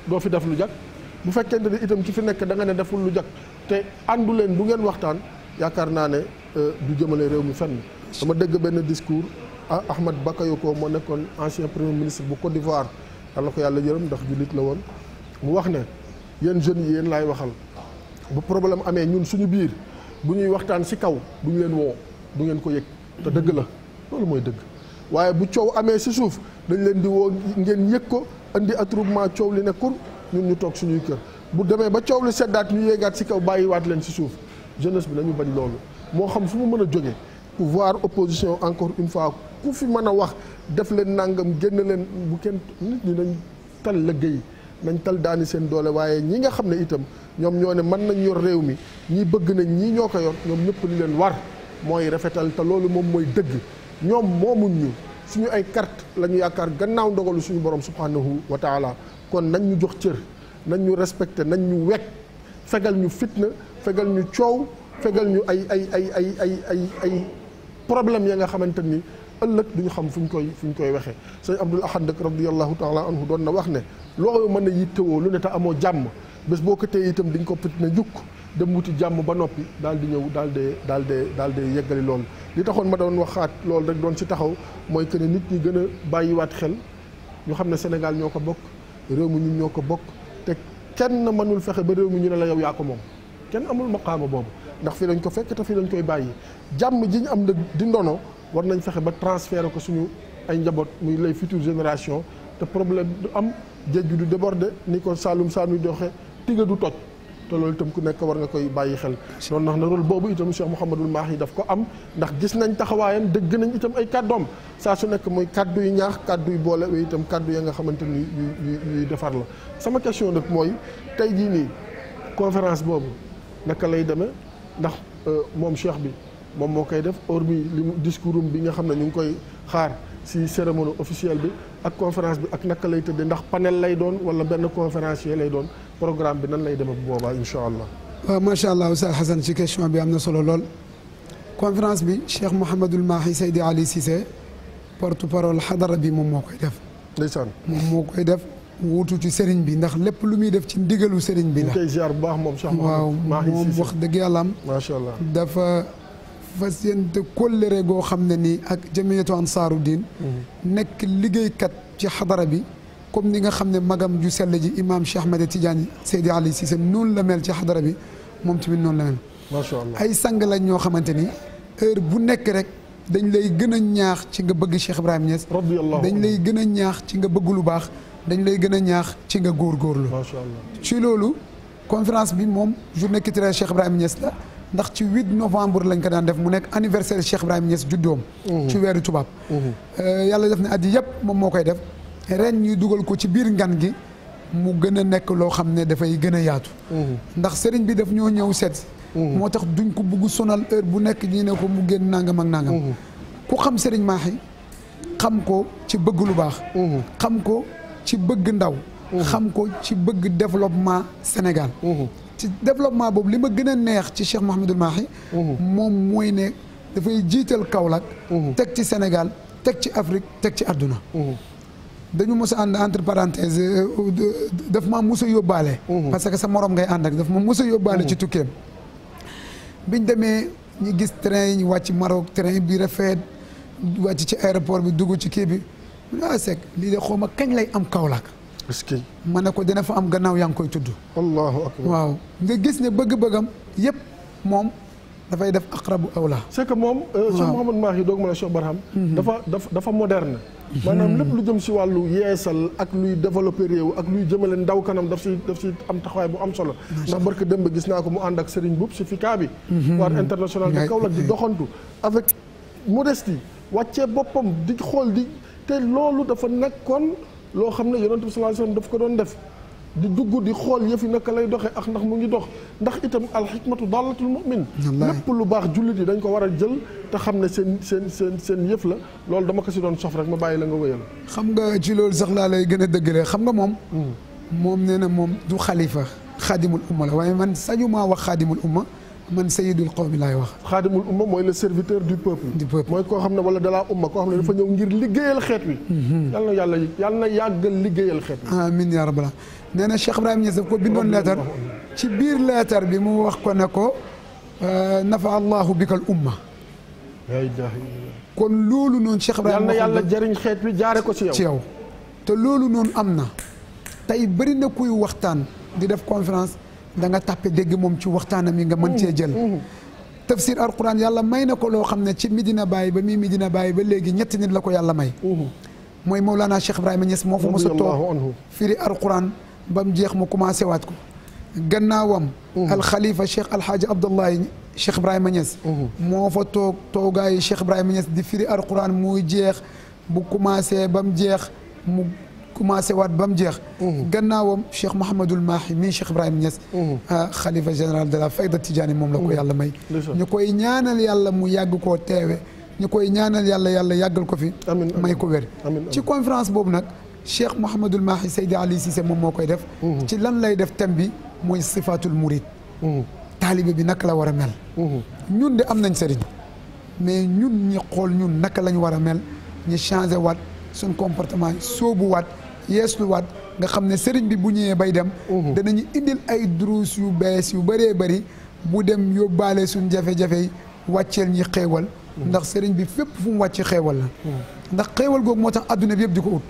doo fi def lu jag bu fekkente ne itam ci fi nekk da nga ne deful lu jag te àndu leen du ngeen waxtaan yaakaar naa ne euh, du jëmale réew mi fenn dama dégg benn discours ah Ahmed ko moo nekkoon ancien premier ministre bu Côte d'Ivoire yàlla yàlla jërëm ndax jullit la woon mu wax ne yéen jeunes yi yéen laay waxal bu problème amee ñun suñu biir bu ñuy waxtaan si kaw bu ñu leen woo du ngeen ko yëg te dëgg la loolu mooy dëgg waaye bu coow amee si suuf dañ leen di woo ngeen yëg ko indi attroupement coow li nekkul ñun ñu toog suñuy kër bu demee ba coow li seddaat ñu yéegaat si kaw bàyyiwaat leen si suuf jeunesse bi nañu bañ loolu moo xam su ma mën a jógee pouvoir opposition encore une fois ku fi mën a wax def leen nangam génn leen bu kenn nit nañ tal liggéey nañ tal daani seen doole waaye ñi nga xam ne itam ñoom ñoo ne mën nañ yor réew mi ñii bëgg nañ ñii ñoo ko yor ñoom ñëpp li leen war mooy rafetal te loolu moom mooy dëgg ñoom moomuñ ñu suñu ay carte la ñu yaakaar gannaaw ndogalu suñu borom subhanahu wa taala kon nañ ñu jox cër nañ ñu respecté nañ ñu wekk fegal ñu fitna fegal ñu coow fegal ñu ay ay ay ay ay ay ay problème ya nga xamante ni ëllëg ñu xam fu ñu koy fu ñu koy waxee sëñ Abdul Ahad radiyallahu taala anhu doon na wax ne loo mën a yittewoo lu ne te amoo jàmm bés boo ko téye itam di nga ko petit na njukk dem wuti jàmm ba noppi daal di ñëw daal dee daal dee daal de yeggali loolu li taxoon ma doon waxaat loolu rek doon si taxaw mooy que ne nit ñi gën a bàyyiwaat xel ñu xam ne Sénégal ñoo ko bokk réew mi ñun ñoo ko bokk te kenn mënul fexe ba réew mi ñu ne la yow yaa ko moom kenn amul xaama boobu ndax fii lañ ko fekk te fii lañ koy bàyyi jàmm ji ñu am nag di ndono war nañ fexe ba transférer ko suñu ay njaboot muy les futures générations te problème du am géej gi du déborder ni ko Saalum Saalum yi doxe tiga du toj te loolu itam ku nekk war nga koy bàyyi xel noonu ndax na rôle boobu itam Cheikh maax Mahi daf ko am ndax gis nañ taxawaayam dëgg nañ itam ay kàddoom saa su nekk mooy kàddu yu ñaax kàddu yu boole waaye itam kàddu ya nga xamante ni yuy defar la sama question nag mooy tey jii nii conférence boobu naka lay demee ndax euh, moom cheikh bi moom moo koy def hormis li mu discours bi nga xam ne ñu ngi koy xaar si cérémonie officielle bi ak conférence bi ak naka lay tëddee ndax panel lay doon wala benn conférencier lay doon programme bi nan lay demee bu boobaa incha allah. waaw macha allah Oustaz Hassan ci question bi am na solo lool conférence bi Cheikh Mouhamadul Mahi Seydi Ali Cissé porte parole xadara bi moom moo koy def. ndeysaan moom moo koy def. wuutu ci sëriñ bi ndax lépp lu muy def ci ndigalu sëriñ bi la. waaw moom wax dëgg yàlla am. macha allah dafa. fas yéente kóllëre goo xam ne ni ak jamiyatu ansaaru diin mhm. nekk liggéey kat ci xadara bi comme ni nga xam ne magam ju sell ji imaam Cheikh Ahmed Tidiane Seydi Ali Cissé noonu la mel ci xadara bi moom tamit noonu la mel macha allah ay sang lañ ñoo xamante ni heure bu nekk rek dañ lay gën a ñaax ci nga bëgg Cheikh Ibrahima Niass dañ lay gën a ñaax ci nga bëgg lu baax dañ lay gën a ñaax ci nga góorgóorlu macha allah ci loolu conférence bi moom journée culturelle Cheikh Ibrahima Niass la ndax ci 8 novembre lañ ko daan def mu nekk anniversaire Cheikh Ibrahima Niass juddoom mhm. ci weeru tubaab. Mhm. Euh, yàlla def na at yi yëpp moom moo koy def ren ñu dugal ko ci biir ngan gi mu gën a nekk loo xam ne dafay gën a yaatu. Mhm. ndax sëriñ bi daf ñoo ñëw seet. moo tax duñ ko bugg sonal heure bu nekk ñi ne ko mu génn nangam ak nangam. ku xam sëriñ yi xam ko ci bëgg lu baax. xam ko ci bëgg ndaw. xam ko ci bëgg développement Sénégal. ci développement boobu li ma gën a neex ci Cheikh Mouhamadul Mahi mhm. moom mooy ne dafay jiital Kaolack mhm. teg ci Sénégal teg ci Afrique teg ci àdduna mhm. dañu mos a ànd entre parenthèse euh, euh, daf ma mos a yóbbaale parce que sa moroom ngay ànd ak daf ma mos a ci tukkeem biñ demee ñu gis train ñu wàcc Maroc train bi rafet wàcc ci aéroport bi dugg ci kii bi mu ne ah Seck lii de xaw ma kañ lay am Kaolack est-ce que ma ne ko dina fa am gannaaw yaa ngi koy tudd. allahu akbar waaw nga gis ne bëgg-bëggam yëpp moom dafay def aqrabu awla. c'est que moom. Euh, waaw Cheikh Mouhamad Mahi doog ma ne Cheikh Barham. Mhm. dafa dafa moderne. maanaam lu jëm si wàllu yeesal ak luy développé réew ak luy jëmale ndaw kanam daf si daf si am taxawaay bu am solo ndax barke démb gis naa ko mu ànd ak Serigne Boub si FICCA bi waar mhm. international de Kaolack di doxantu avec modestie wàccee boppam di xool di te loolu dafa nekkoon loo xam na yonent bi sallallahu alayhi wasallam daf ko doon def di dugg di xool yëf yi naka lay doxee ak ndax mu ngi dox ndax itam alxikmatu dallatul mu'min lépp lu baax jullit yi dañ ko war a jël te xam ne seen seen seen seen yëf la loolu dama ko si doon sof rek ma bàyyi la nga wéyal xam nga ci loolu sax laa lay gën a dëggalee xam nga moom hmm. moom nee na moom du xalifa xaadimul umma la waaye man sañu maa wax xaadimul umma man sayyidul qawmi laay wax. xaadimul umma mooy le serviteur du peuple. du peuple mooy koo xam ne wala de la umma koo xam ne dafa ñëw ngir liggéeyal xeet wi. Mm-hmm. yal na yàlla yal na yàggal liggéeyal xeet wi. amiin yaa rabbal nee na Cheikh Ibrahima Niass daf ko bindoon leetar ci biir leetar bi mu wax ko ne ko euh, nafa allahu bikal umma. kon loolu noonu Cheikh Ibrahima. yal na yàlla jëriñ xeet wi jaare ko ci yow ci yow. te loolu noonu am na. tey bëri na kuy waxtaan di def conférence. da nga tàppe dégg moom ci waxtaanam yi nga mën cee jël mm-hmm. Mm-hmm. tafsir alquran yàlla may na ko loo xam ne ci Medina Baye ba mi Medina Baye ba léegi ñetti nit la ko yàlla may mm-hmm. mooy Mawlana Cheikh Ibrahima Niass moo fa mos a toog firi alquran ba mu jeex mu commencé waat ko gannaawam alxalifa Cheikh Alhaaji Abdullahi Cheikh Ibrahima Niass moo fa toog toogaayu Cheikh Ibrahima Niass di firi alquran muy jeex bu commencé ba mu jeex mu commencé waat ba mu jeex. Mm-hmm. gannaawam Cheikh Mouhamadul Mahi mii Cheikh Ibrahim Niass. xalifa mm-hmm. ah, général de la Fayda Tidiane moom la ko mm-hmm. yàlla may. ñu koy ñaanal yàlla mu yàgg koo teewe ñu koy ñaanal yàlla yàlla yàggal ko fi. may ko wér. ci conférence boobu nag Cheikh Mouhamadul Mahi Seydi Ali Cissé moom moo koy def. ci lan lay def thème bi mooy sifaatul murid. taalibe bi naka la war a mel. ñun de am nañ sëriñ. mais ñun ñi xool ñun naka lañ war a mel ñu changé waat suñ comportement soobu waat yeesluwaat nga xam ne sëriñ bi bu ñëwee bay dem danañu indil ay duruus yu bees yu bëree bëri bu dem yóbbaale suñ jafe-jafe yi wàcceel ñi xeewal ndax sëriñ bi fépp fu mu wàcc xeewal la ndax xewal googu moo tax adduna bi yëpp di ko ut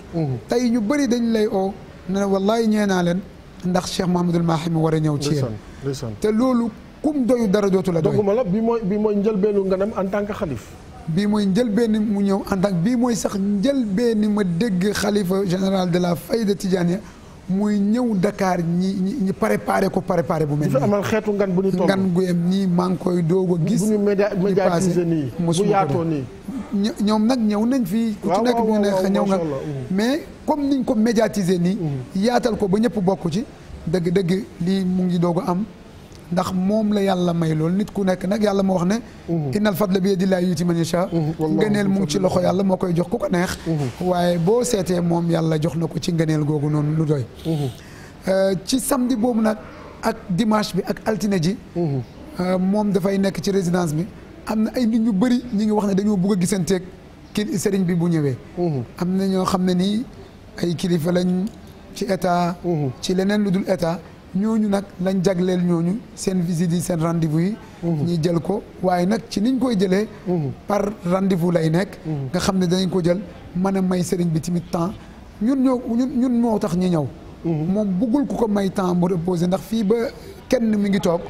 tey ñu bari dañ lay oo ne wallaay ñee naa leen ndax Cheikh Mahamadul Mahi mi war a ñëw ci yéen te loolu kum doyu dara dootu la doy doguma la bi mooy bi mooy njëlbeenu nganam en tant que xalif bii mooy njëlbéen mu ñëw en bii mooy sax njëlbéen ma dégg xalifa général de la Fayda Tidiane muy ñëw Dakar ñi ñi ñi préparé ko préparé bu mel nii. xeetu ngan bu ñu toll ngan gu yem nii maa ngi koy doog a gis. bu ñu médiatiser nii bu yaatoo nii ñoom nag ñëw nañ fii. ku ci nekk bu mais comme niñ ko médiatiser nii. yaatal ko ba ñëpp bokk ci dëgg dëgg lii mu ngi doog a am. ndax moom la yàlla may loolu nit ku nekk nag yàlla moo wax ne mhm. innal fadla bi yadillaahi yuti man yasha mhm, ngëneel mu ngi ci loxo yàlla moo koy jox ku ko neex mhm. waaye boo seetee moom yàlla jox na ko ci ngëneel googu noonu lu doy euh, ci samedi boobu nag ak dimanche bi ak altine ji euh, moom dafay nekk ci résidence bi am na ay nit ñu bëri ñi ngi wax ne dañoo bëgg a gisanteeg kii sëriñ bi bu ñëwee am na ñoo xam ne nii ay kilifa lañ ci état ci leneen lu dul état ñooñu nag nañ jagleel ñooñu seen visite yi seen rendez-vous yi mhm. ñi jël ko waaye nag ci niñ koy jëlee mhm. par rendez-vous lay nekk mhm. nga xam ne danañ ko jël mën a may sëriñ bi tamit temps ñun ñoo ñun moo tax ñi ñëw moom bëggul ku ko may temps mu reposer ndax fii ba kenn mi ngi toog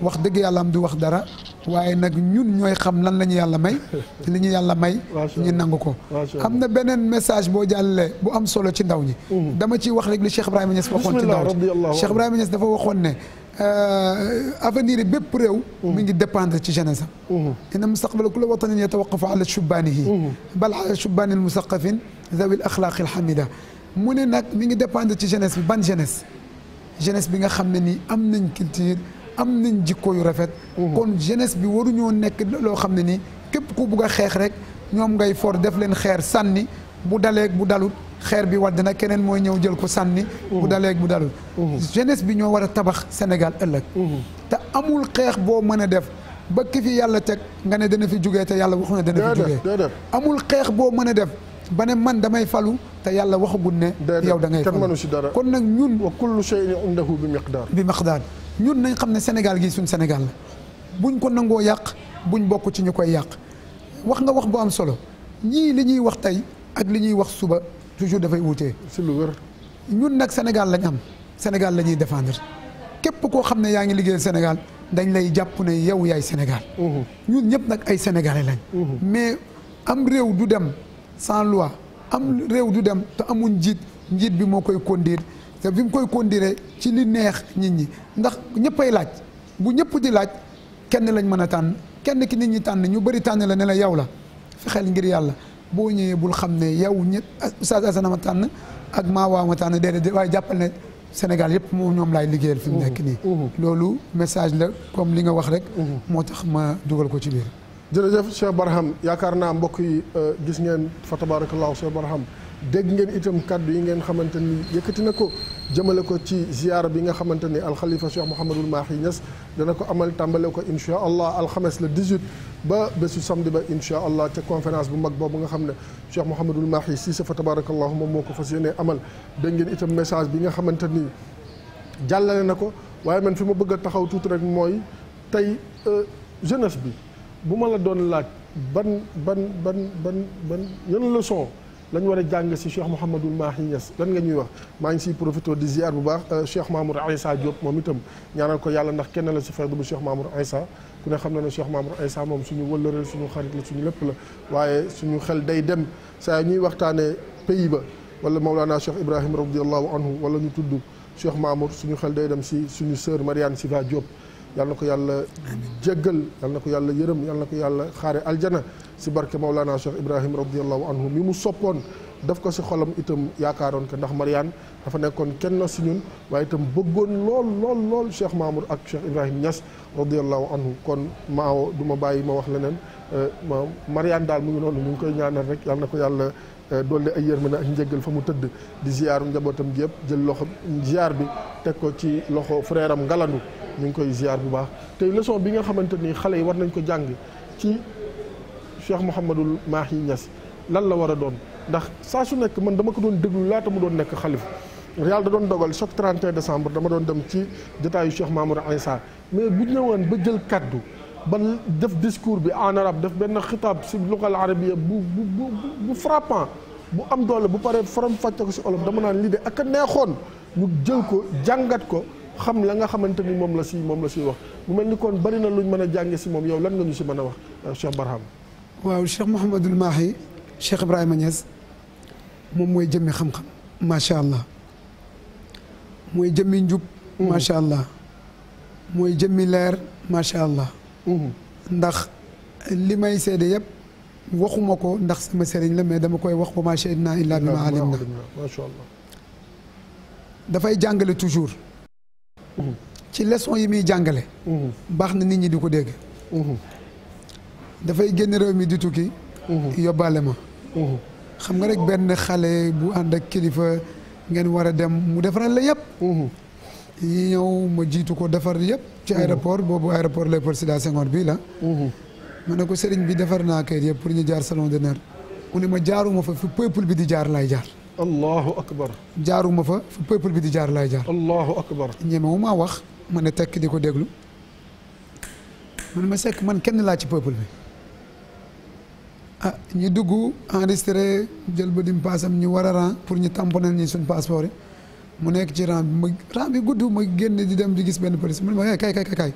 wax dëgg yàlla am du wax dara waaye nag ñun ñooy xam lan la ñu yàlla may te (laughs) li ñu yàlla may ñu nangu ko am na beneen message boo jàlle bu am solo ci ndaw ñi dama ci wax rek li Cheikh Ibrahima Niass waxoon ci ndaw ñi Cheikh Ibrahima Niass dafa waxoon ne euh, avenir yi bépp réew mi ngi dépendre ci jeunesse am inna mustaqbala kulli watanin yatawaqqafu ala shubbaanihi bal ala shubbaani almusaqafin zawil axlaaqi alhamida mu ne nag mi ngi dépendre ci jeunesse bi ban jeunesse jeunesse bi nga xam ne nii am nañ culture am nañ jikko yu rafet mhm. kon jeunesse bi waruñoo nekk loo xam ne nii képp ku bugg a xeex rek ñoom ngay for def leen xeer sànni bu daleeg bu dalut xeer bi wadd na keneen mooy ñëw jël ko sànni bu mhm. daleeg bu dalut mhm. jeunesse bi ñoo war a tabax Sénégal ëllëg te amul xeex boo mën a def ba ki fi yàlla teg nga ne dana fi jugee te yàlla waxu ne dana fi jugee amul xeex boo mën a def ba ne man damay falu te yàlla waxagul ne yow da ngay falu kon nag ñun wa kullu shay'in indahu bi miqdaar bi miqdaar ñun nañ xam ne Sénégal gi suñ Sénégal la buñ ko nangoo yàq buñ bokk ci ñu koy yàq wax nga wax bu am solo ñii li ñuy wax tey ak li ñuy wax suba toujours dafay wuute. si lu wër ñun nag Sénégal lañ am Sénégal la ñuy défendre képp koo xam ne yaa ngi liggéeyal Sénégal dañ lay jàpp ne yow yaay Sénégal. ñun ñëpp nag ay sénégalais lañ. mais am réew du dem sans loi am réew du dem te amul njiit njiit bi moo koy conduire. te bi mu koy conduire ci li neex nit ñi ndax ñëppay laaj bu ñëpp di laaj kenn lañ mën a tànn kenn ki nit ñi tànn ñu bëri tànn la ne la yow la fexeel ngir yàlla boo ñëwee bul xam ne yow ñett Oustaz na ma tànn ak maa waa ma tànn déedéet waaye jàppal ne Sénégal yëpp moom ñoom laay liggéeyal fi mu nekk nii. loolu message la comme li nga wax rek. moo tax ma dugal ko ci biir. jërëjëf Cheikh Barham yaakaar naa mbokk yi euh, gis ngeen fa tabarakallahu Cheikh Barham dégg ngeen itam kàddu yi ngeen xamante ni yëkkati na ko jëmale ko ci ziyaara bi nga xamante ni alxalifa Cheikh maax yi Niass dana ko amal tàmbale ko incha allah alxames le 18 ba bésu samedi ba incha allah ca conférence bu mag boobu nga xam ne Cheikh Mouhamadul Mahi si sa fa tabarakallahu moom moo ko fas yéene amal dégg ngeen itam message bi nga xamante ni jàllale na ko waaye man fi ma bëgg a taxaw tuuti rek mooy tey euh, jeunesse bi bu ma la doon laaj ban ban ban ban ban yan leçon lañ war a jàng si Cheikh Mouhamadul Mahi Niass lan nga ñuy wax maa ngi siy profité di ziar bu baax euh, Cheikh Mamour Aïssa Diop moom itam ñaanal ko yàlla ndax kenn la si faydu bu Cheikh Mamour Aïssa ku ne xam na ne Cheikh Mamour Aïssa moom suñu wëllëreel suñu xarit la suñu lépp la waaye suñu xel day dem saa ñuy waxtaanee pays ba wala Mawlana Cheikh Ibrahim radiallahu anhu wala ñu tudd Cheikh Mamour suñu xel day dem si suñu sœur Mariane Siva Diop yàlla na ko yàlla jéggal yal na ko yàlla yërëm yal na ko yàlla xaare aljana si barke Maulana Cheikh Ibrahim radiallahu anhu mi mu soppoon def ko si xolam itam yaakaaroon ko ndax Mariane dafa nekkoon kenn si ñun waaye itam bëggoon lool lool lool Cheikh Mamour ak Cheikh Ibrahim Niass radiallahu kon maawo du ma bàyyi ma wax leneen ma Mariane daal mu ngi noonu mu ngi koy ñaanal rek yal na ko yàlla eh, doole ay yërmande ak njëggal fa mu tëdd di ziaru njabootam gi yëpp jël loxo ziar bi teg ko ci loxo frère am Ngalandu ñu ngi koy ziar bu baax tey leçon bi nga xamante nii xale yi war nañ ko jàng ci Cheikh Mouhamadul Mahi Niass lan la war a doon ndax saa su nekk man dama ko doon déglu laata mu doon nekk xalifa yàlla da doon dogal chaque 31 décembre dama doon dem ci jotaayu Cheikh Mamour Insa mais bu ñëwoon ba jël kaddu ba def discours bi en arabe def benn xitaab si lugal arabia bu bu bu bu frappant bu am doole bu paree faram fàcce ko si olof dama naan lii de ak a neexoon ñu jël ko jàngat ko. xam la nga xamante ni moom la si moom la si wax mu mel ni kon bari na luñ mën a jànge si moom yow lan nga ñu si mën a wax euh, Cheikh Barham waaw Cheikh Mouhamadul Mahi Cheikh Ibrahima Niass moom mooy jëmmi xam-xam macha allah mooy jëmmi njub macha allah mooy jëmmi leer macha allah ndax li may seede yëpp waxuma ko ndax sama sëriñ la mais dama koy wax wa maa shahidnaa illaa bimaa alimnaa dafay jàngale toujours ci leçon yi muy jàngale baax na nit ñi di ko dégg dafay génn réew mi di tukki yóbbaale ma xam nga rek benn xale bu ànd ak kilifa ngeen war a dem mu defaral la yëpp yi ñëw ma jiitu ko defar yëpp ci aéroport boobu aéroport Léopold Sédar Senghor bii la ma ne ko sëriñ bi defar naa kayit yëpp pour ñu jaar salon d'honneur mu ne ma jaaruma fa fi peuple bi di jaar laay jaar allahu akbar jaaruma fa fa peuple bi di jaar laay jaar allahu akbar maa wax ma ne di ko déglu man ma sekk man kenn laa ci peuple bi ah ñu dugg enregistré jël ba di dim paasam ñu war a rang pour ñu tamponel ñi suñ passeport yi mu nekk ci rang bi ma rang bi gudd ma génn di dem di gis benn police mu ne ma eh, kay kay kay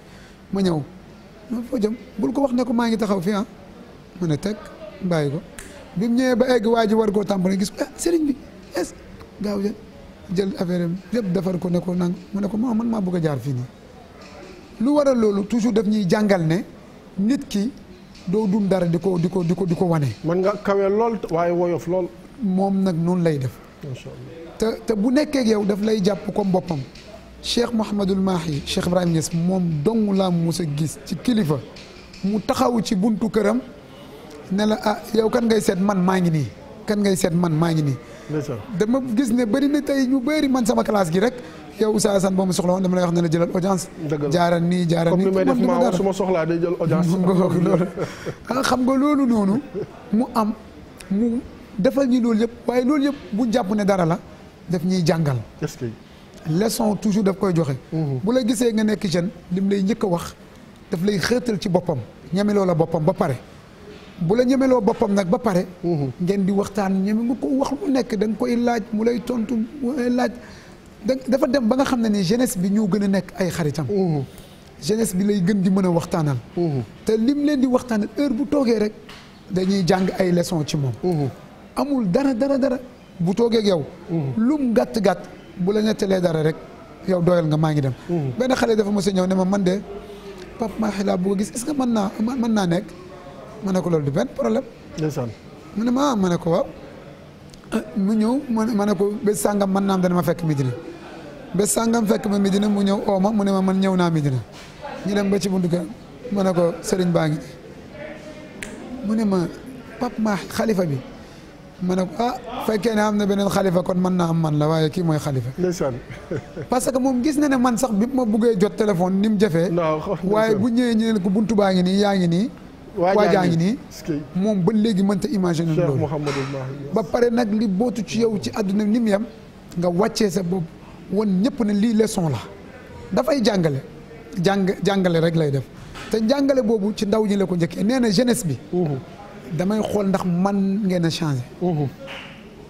ma ñëw ma foo jëm bul ko wax ne ko maa ngi taxaw fii ah ma ne teg ko bi mu ñëwee ba egg waa ji war koo tamponel gis ko ah est gaaw ja jël affaire am lépp defar ko ne ko nang mu ne ko ma man maa bugg jaar fii nii lu waral loolu toujours daf ñuy jàngal ne nit ki doo dum dara di ko di ko di ko di ko wane. mën nga kawe lool waaye woyof lool. moom nag noonu lay def. te te bu nekkee yow daf lay jàpp comme boppam. cheikh Mouhamadul Mahi cheikh Ibrahim Niass moom dong laa mu a gis ci kilifa mu taxaw ci buntu këram ne la ah yow kan ngay seet man maa ngi nii kan ngay seet man maa ngi nii. dama gis ne bëri na tey ñu bëri man sama classe gi rek yow Oustaz Assane boo ma soxla woon dama lay wax ne la jëlal audience jaaral nii jaaral nii comme ni may def maa su ma soxlaa day jël audience (laughs) loolu ah, xam nga loolu noonu mu am mu defal ñi loolu yëpp waaye loolu yëpp bu jàpp ne dara la def ñuy jàngal est-ce que leçon toujours daf koy joxe mhm. bu la gisee nga nekk jeune lim lay njëkk a wax daf lay xëetal ci boppam ñeme loola boppam ba pare bu la ñemeloo boppam nag ba pare mm-hmm. ngeen di waxtaan ñeme nga ko wax lu nekk da nga koy laaj mu lay tontu mu lay laaj dafa dem ba nga xam ne ni jeunesse bi ñoo gën a nekk ay xaritam mm-hmm. jeunesse bi lay gën di mën a waxtaanal mm-hmm. te lim leen di waxtaanal heure bu toogee rek dañuy jàng ay leçon ci moom amul dara dara dara bu toogeeg yow lum gàtt-gàtt bu la nettalee dara rek yow doyal nga maa ngi dem benn xale dafa mos a ñëw ne ma man de Pape Makhila bu ko gis est-ce que mën naa mën naa nekk ma ne ko loolu du benn problème. ndeysaan mu ne ma ma ne ko waaw. mu ñëw ma ne ko bés sangam man naam dana ma fekk Medina bés sàngam fekk ma Medina mu ñëw ooma mu ne ma man ñëw naa Medina ñu dem ba ci buntu kër ma ne ko sëriñ baa ngi mu ne ma pap ma xalifa bi ma ne ko ah fekkee ne am na beneen xalifa kon mën naa am man la waaye kii mooy xalifa ndeysaan parce que moom gis na ne man sax bi ma buggee jot téléphone ni mu jafee (laughs) waaye bu ñëwee ñu ne ko buntu baa ngi nii yaa ngi nii waajaa ngi nii moom ba léegi mën mënta imaginer loolu ba pare nag li bootu ci yow ci àdduna ni mu yem nga wàccee sa bopp wan ñëpp ne lii leçon la dafay jàngale jàng jàngale rek lay def te jàngale boobu ci ndaw ñi la ko njëkkee nee na jeunesse bi damay xool ndax man ngeen a changé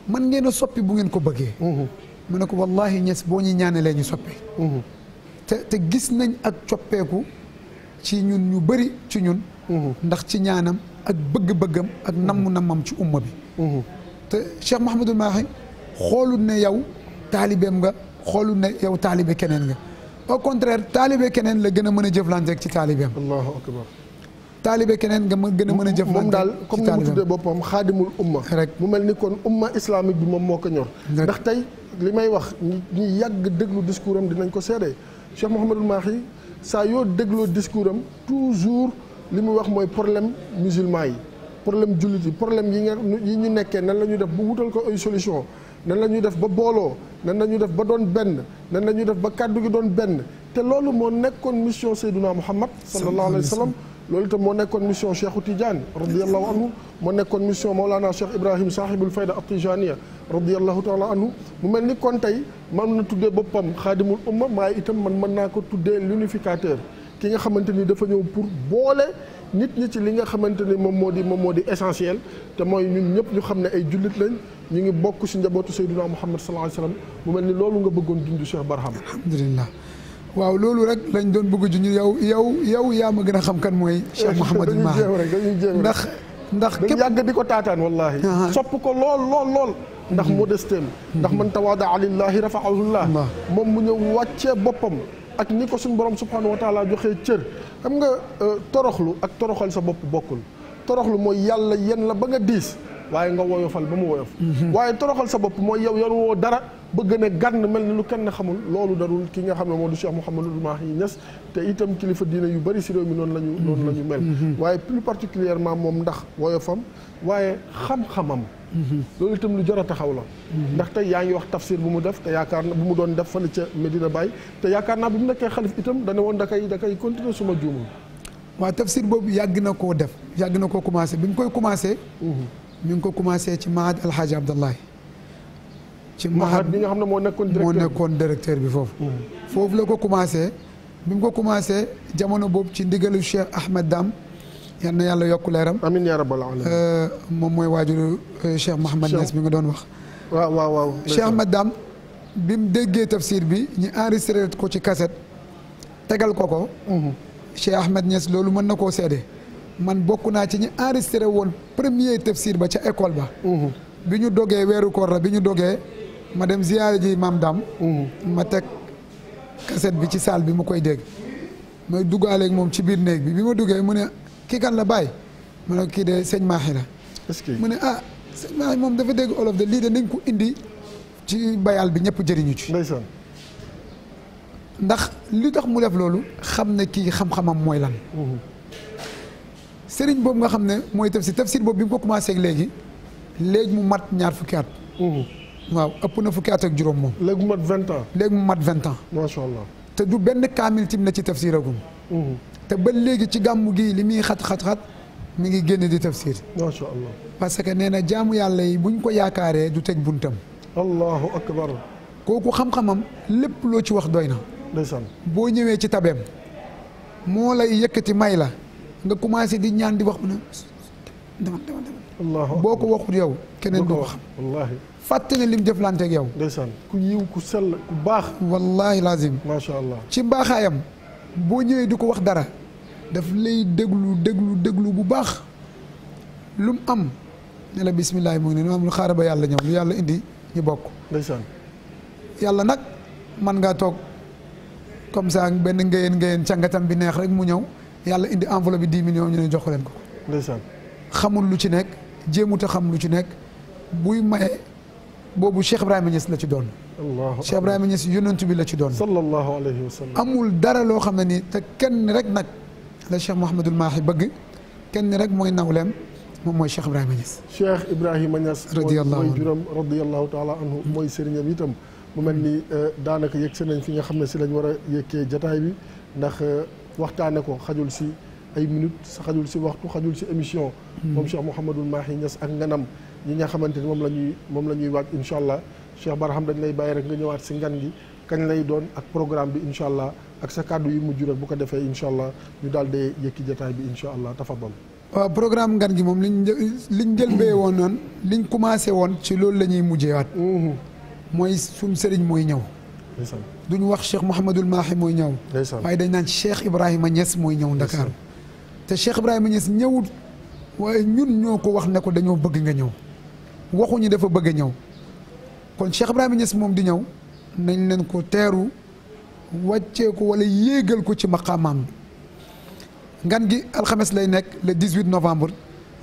man ngeen a soppi bu ngeen ko bëggee mu ne ko wallahi ñes boo ñu ñaanalee ñu soppi te te gis nañ ak coppeeku ci ñun ñu bëri ci ñun ndax ci ñaanam ak bëgg-bëggam ak namm-nammam ci umma bi te Cheikh Mouhamadul Mahi xoolul ne yow taalibeem nga xoolul ne yow taalibe keneen nga au contraire taalibe keneen la gën a mën a jëflanteeg ci taalibeem allahu akbar taalibe keneen nga gën a mën a jëflanteeg moom daal comme ni mu tuddee boppam xaadimul umma rek mu mel ni kon umma islamique bi moom moo ko ñor ndax tey li may wax ñi yàgg déglu discours am dinañ ko seede Cheikh Mouhamadul Mahi saa yoo dégloo discours am toujours li mu wax mooy problème musulman yi problème jullit yi problème yi nga yi ñu nekkee nan la ñuy def bu wutal ko ay solution nan la ñuy def ba booloo nan la ñuy def ba doon benn nan la ñuy def ba kàddu gi doon benn te loolu moo nekkoon mission Seyduna Muhammad sallallahu alayhi wa sallam loolu itam moo nekkoon mission Cheikhu Tidiane radiallahu anhu moo nekkoon mission Mawlana Cheikh Ibrahim sahibul fayda atijaniya radiallahu taala anhu mu mel ni kon tey man na tuddee boppam xaadimul umma maay itam man mën naa ko tuddee l'unificateur ki nga xamante ni dafa ñëw pour boole nit ñi ci li nga xamante ni moom moo di moom moo di essentiel te mooy ñun ñëpp ñu xam ne ay jullit lañ ñu ngi bokk si njabootu Seydina Muhammad sallallahu alayhi wasallam mu mel ni loolu nga bëggoon dund Cheikh Barham alhamdulilah waaw loolu rek lañ doon bëgg junj yow yow yow yaa ma gën a xam kan mooy Cheikh Mouhamadul Mahi ndax ndax képp dañ yàgg di ko taataan wallahi ah. sopp ko lool lool lool ndax mhm. modestem ndax man tawaada alillahi rafa'ahullah moom mu ñëw wàccee boppam ak ni ko suñu borom subhanahu wa taala joxee cër xam nga euh, toroxlu ak toroxal sa bopp bokkul toroxlu mooy yàlla yenn la ba nga diis waaye nga woyofal ba mu woyof mhm. waaye toroxal sa bopp mooy yow yoru woo dara bëgg ne gànn mel ni lu kenn xamul loolu darul ki nga xam ne moo du Cheikh Mouhamadul yi Niass te itam kilifa diine yu bëri si réew mi noonu la ñu noonu la ñu mhm. mel mhm. waaye plus particulièrement moom ndax woyofam waaye xam-xamam loolu itam lu jar a taxaw la ndax tey yaa ngi wax tafsir bu mu def te yaakaar na bu mu doon def fële ca Medina Baye te yaakaar naa bi mu nekkee xalif itam dana woon da kay da kay continuer suma juumul waaw tafsir boobu yàgg na koo def yàgg na koo commencé bi mu koy commencé mhm. mi ngi ko commencé ci Mahad El Hadj Abdallahi ci Mahad bi nga xam ne moo nekkoon moo nekkoon directeur bi foofu mhm. foofu la ko commencé bi mu ko commencé jamono boobu ci ndigalu Cheikh Ahmed Dam yal na yàlla yokk leeram amiin yaa rabbal alamin euh, moom mooy waajuru euh, Cheikh Mouhamad Niass bi nga doon wax. waaw waaw waaw. Cheikh Ahmad Dam bi mu déggee tafsir bi ñu enregistré ko ci cassette tegal ko ko. Mhm. Cheikh Ahmed Niass loolu mën na koo seede. man bokk naa ci ñu enregistré woon premier tafsir ba ca école ba. Mhm. bi ñu dogee weeru koor la bi ñu dogee ma dem ziyaare ji maam Dam. Mhm. ma teg cassette bi ci salle bi ma koy dégg. may duggaaleeg moom ci biir néeg bi bi ma duggee mu ne kii kan la bàyyi ma ne kii de sëñ Maaxi la. est que mu ne ah sëñ Maaxi moom dafa dégg olof de lii de nañ ko indi ci bayal bi ñëpp jëriñu ci. ndeysaan. ndax li tax mu def loolu xam ne kii xam-xamam mooy lan. sëriñ boobu nga xam ne mooy tafsir tafsir boobu bi mu ko commencé léegi léegi mu mat ñaar fukki at. waaw ëpp na fukki at ak juróom moom. léeg mu mat vingt ans. léegi mu mat vingt ans. macha te du benn kaamil tim na ci tafsiragum. te ba léegi ci gàmmu gi li muy xat-xat-xat mi ngi génn di tafsir macha allah parce que nee na jaamu yàlla yi buñ ko yaakaaree du teg buntam allahu akbar kooku xam-xamam lépp loo ci wax doy na ndeysaan boo ñëwee ci tabeem moo lay yëkkati may la nga commencé di ñaan di wax mu ne boo ko waxut yow keneen du ko xam wallaahi fàtte na lim jëflante yow ndeysaan ku yiw ku sell ku baax wallaahi lazim macha allah ci mbaaxaayam boo ñëwee du ko wax dara daf lay déglu déglu déglu bu baax lu mu am ne la bisimilah mu ngi ne maanaam ba yàlla ñëw lu yàlla indi ñu bokk. ndeysaan yàlla nag man ngaa toog comme ça benn ngëyeen ngëyeen càngatam bi neex rek mu ñëw yàlla indi enveloppe bi 10 millions ñu ne jox leen ko. ndeysaan xamul lu ci nekk jéemut a xam lu ci nekk buy maye boobu Cheikh Ibrahima Niass la ci doon. Cheikh Ibrahima Niass yonent bi la ci doon sallallahu alayhi wa sallam amul dara loo xam ne ni te kenn rek nag la Cheikh Mouhamadul Mahi bëgg kenn rek mooy nawleem moom mooy Cheikh Ibrahima Niass Cheikh Ibrahima Niass radiyallahu mooy juram radiyallahu taala anhu mooy sëriñam itam mu mel ni euh, daanaka yëg si nañ fi nga xam ne si lañ war a yëkkee jataay bi ndax euh, waxtaane ko xajul si ay minutes sa xajul si waxtu xajul si émission hmm. moom Cheikh Mouhamadul Mahi Niass ak nganam ñi nga xamante ni moom la ñuy moom la ñuy waaj incha allah bara xam dañ lay bàyyi rek nga ñëwaat si ngan gi kañ lay doon ak programme bi incha allah ak sa kàddu yi mujj rek bu ko defee incha allah ñu daal di yëkki jataay bi incha allah tafadal waaw programme ngan gi moom liñ liñ njëlbee woon noonu liñ commencé woon ci loolu la ñuy mujjeewaat mm-hmm. mooy suñ sëriñ mooy ñëw duñu wax Cheikh Mouhamadul Mahi mooy ñëw waaye dañ naan Cheikh Ibrahima ñees mooy ñëw Ndakaaru te Cheikh Ibrahima Niass ñëwut waaye ñun ñoo ko wax ne ko dañoo bëgg nga ñëw waxuñu dafa bëgg ñëw kon Cheikh Ibrahima Niass moom di ñëw nañ leen ko teeru wàccee ko wala yéegal ko ci maqaamaam ngan gi alxames lay nekk le 18 novembre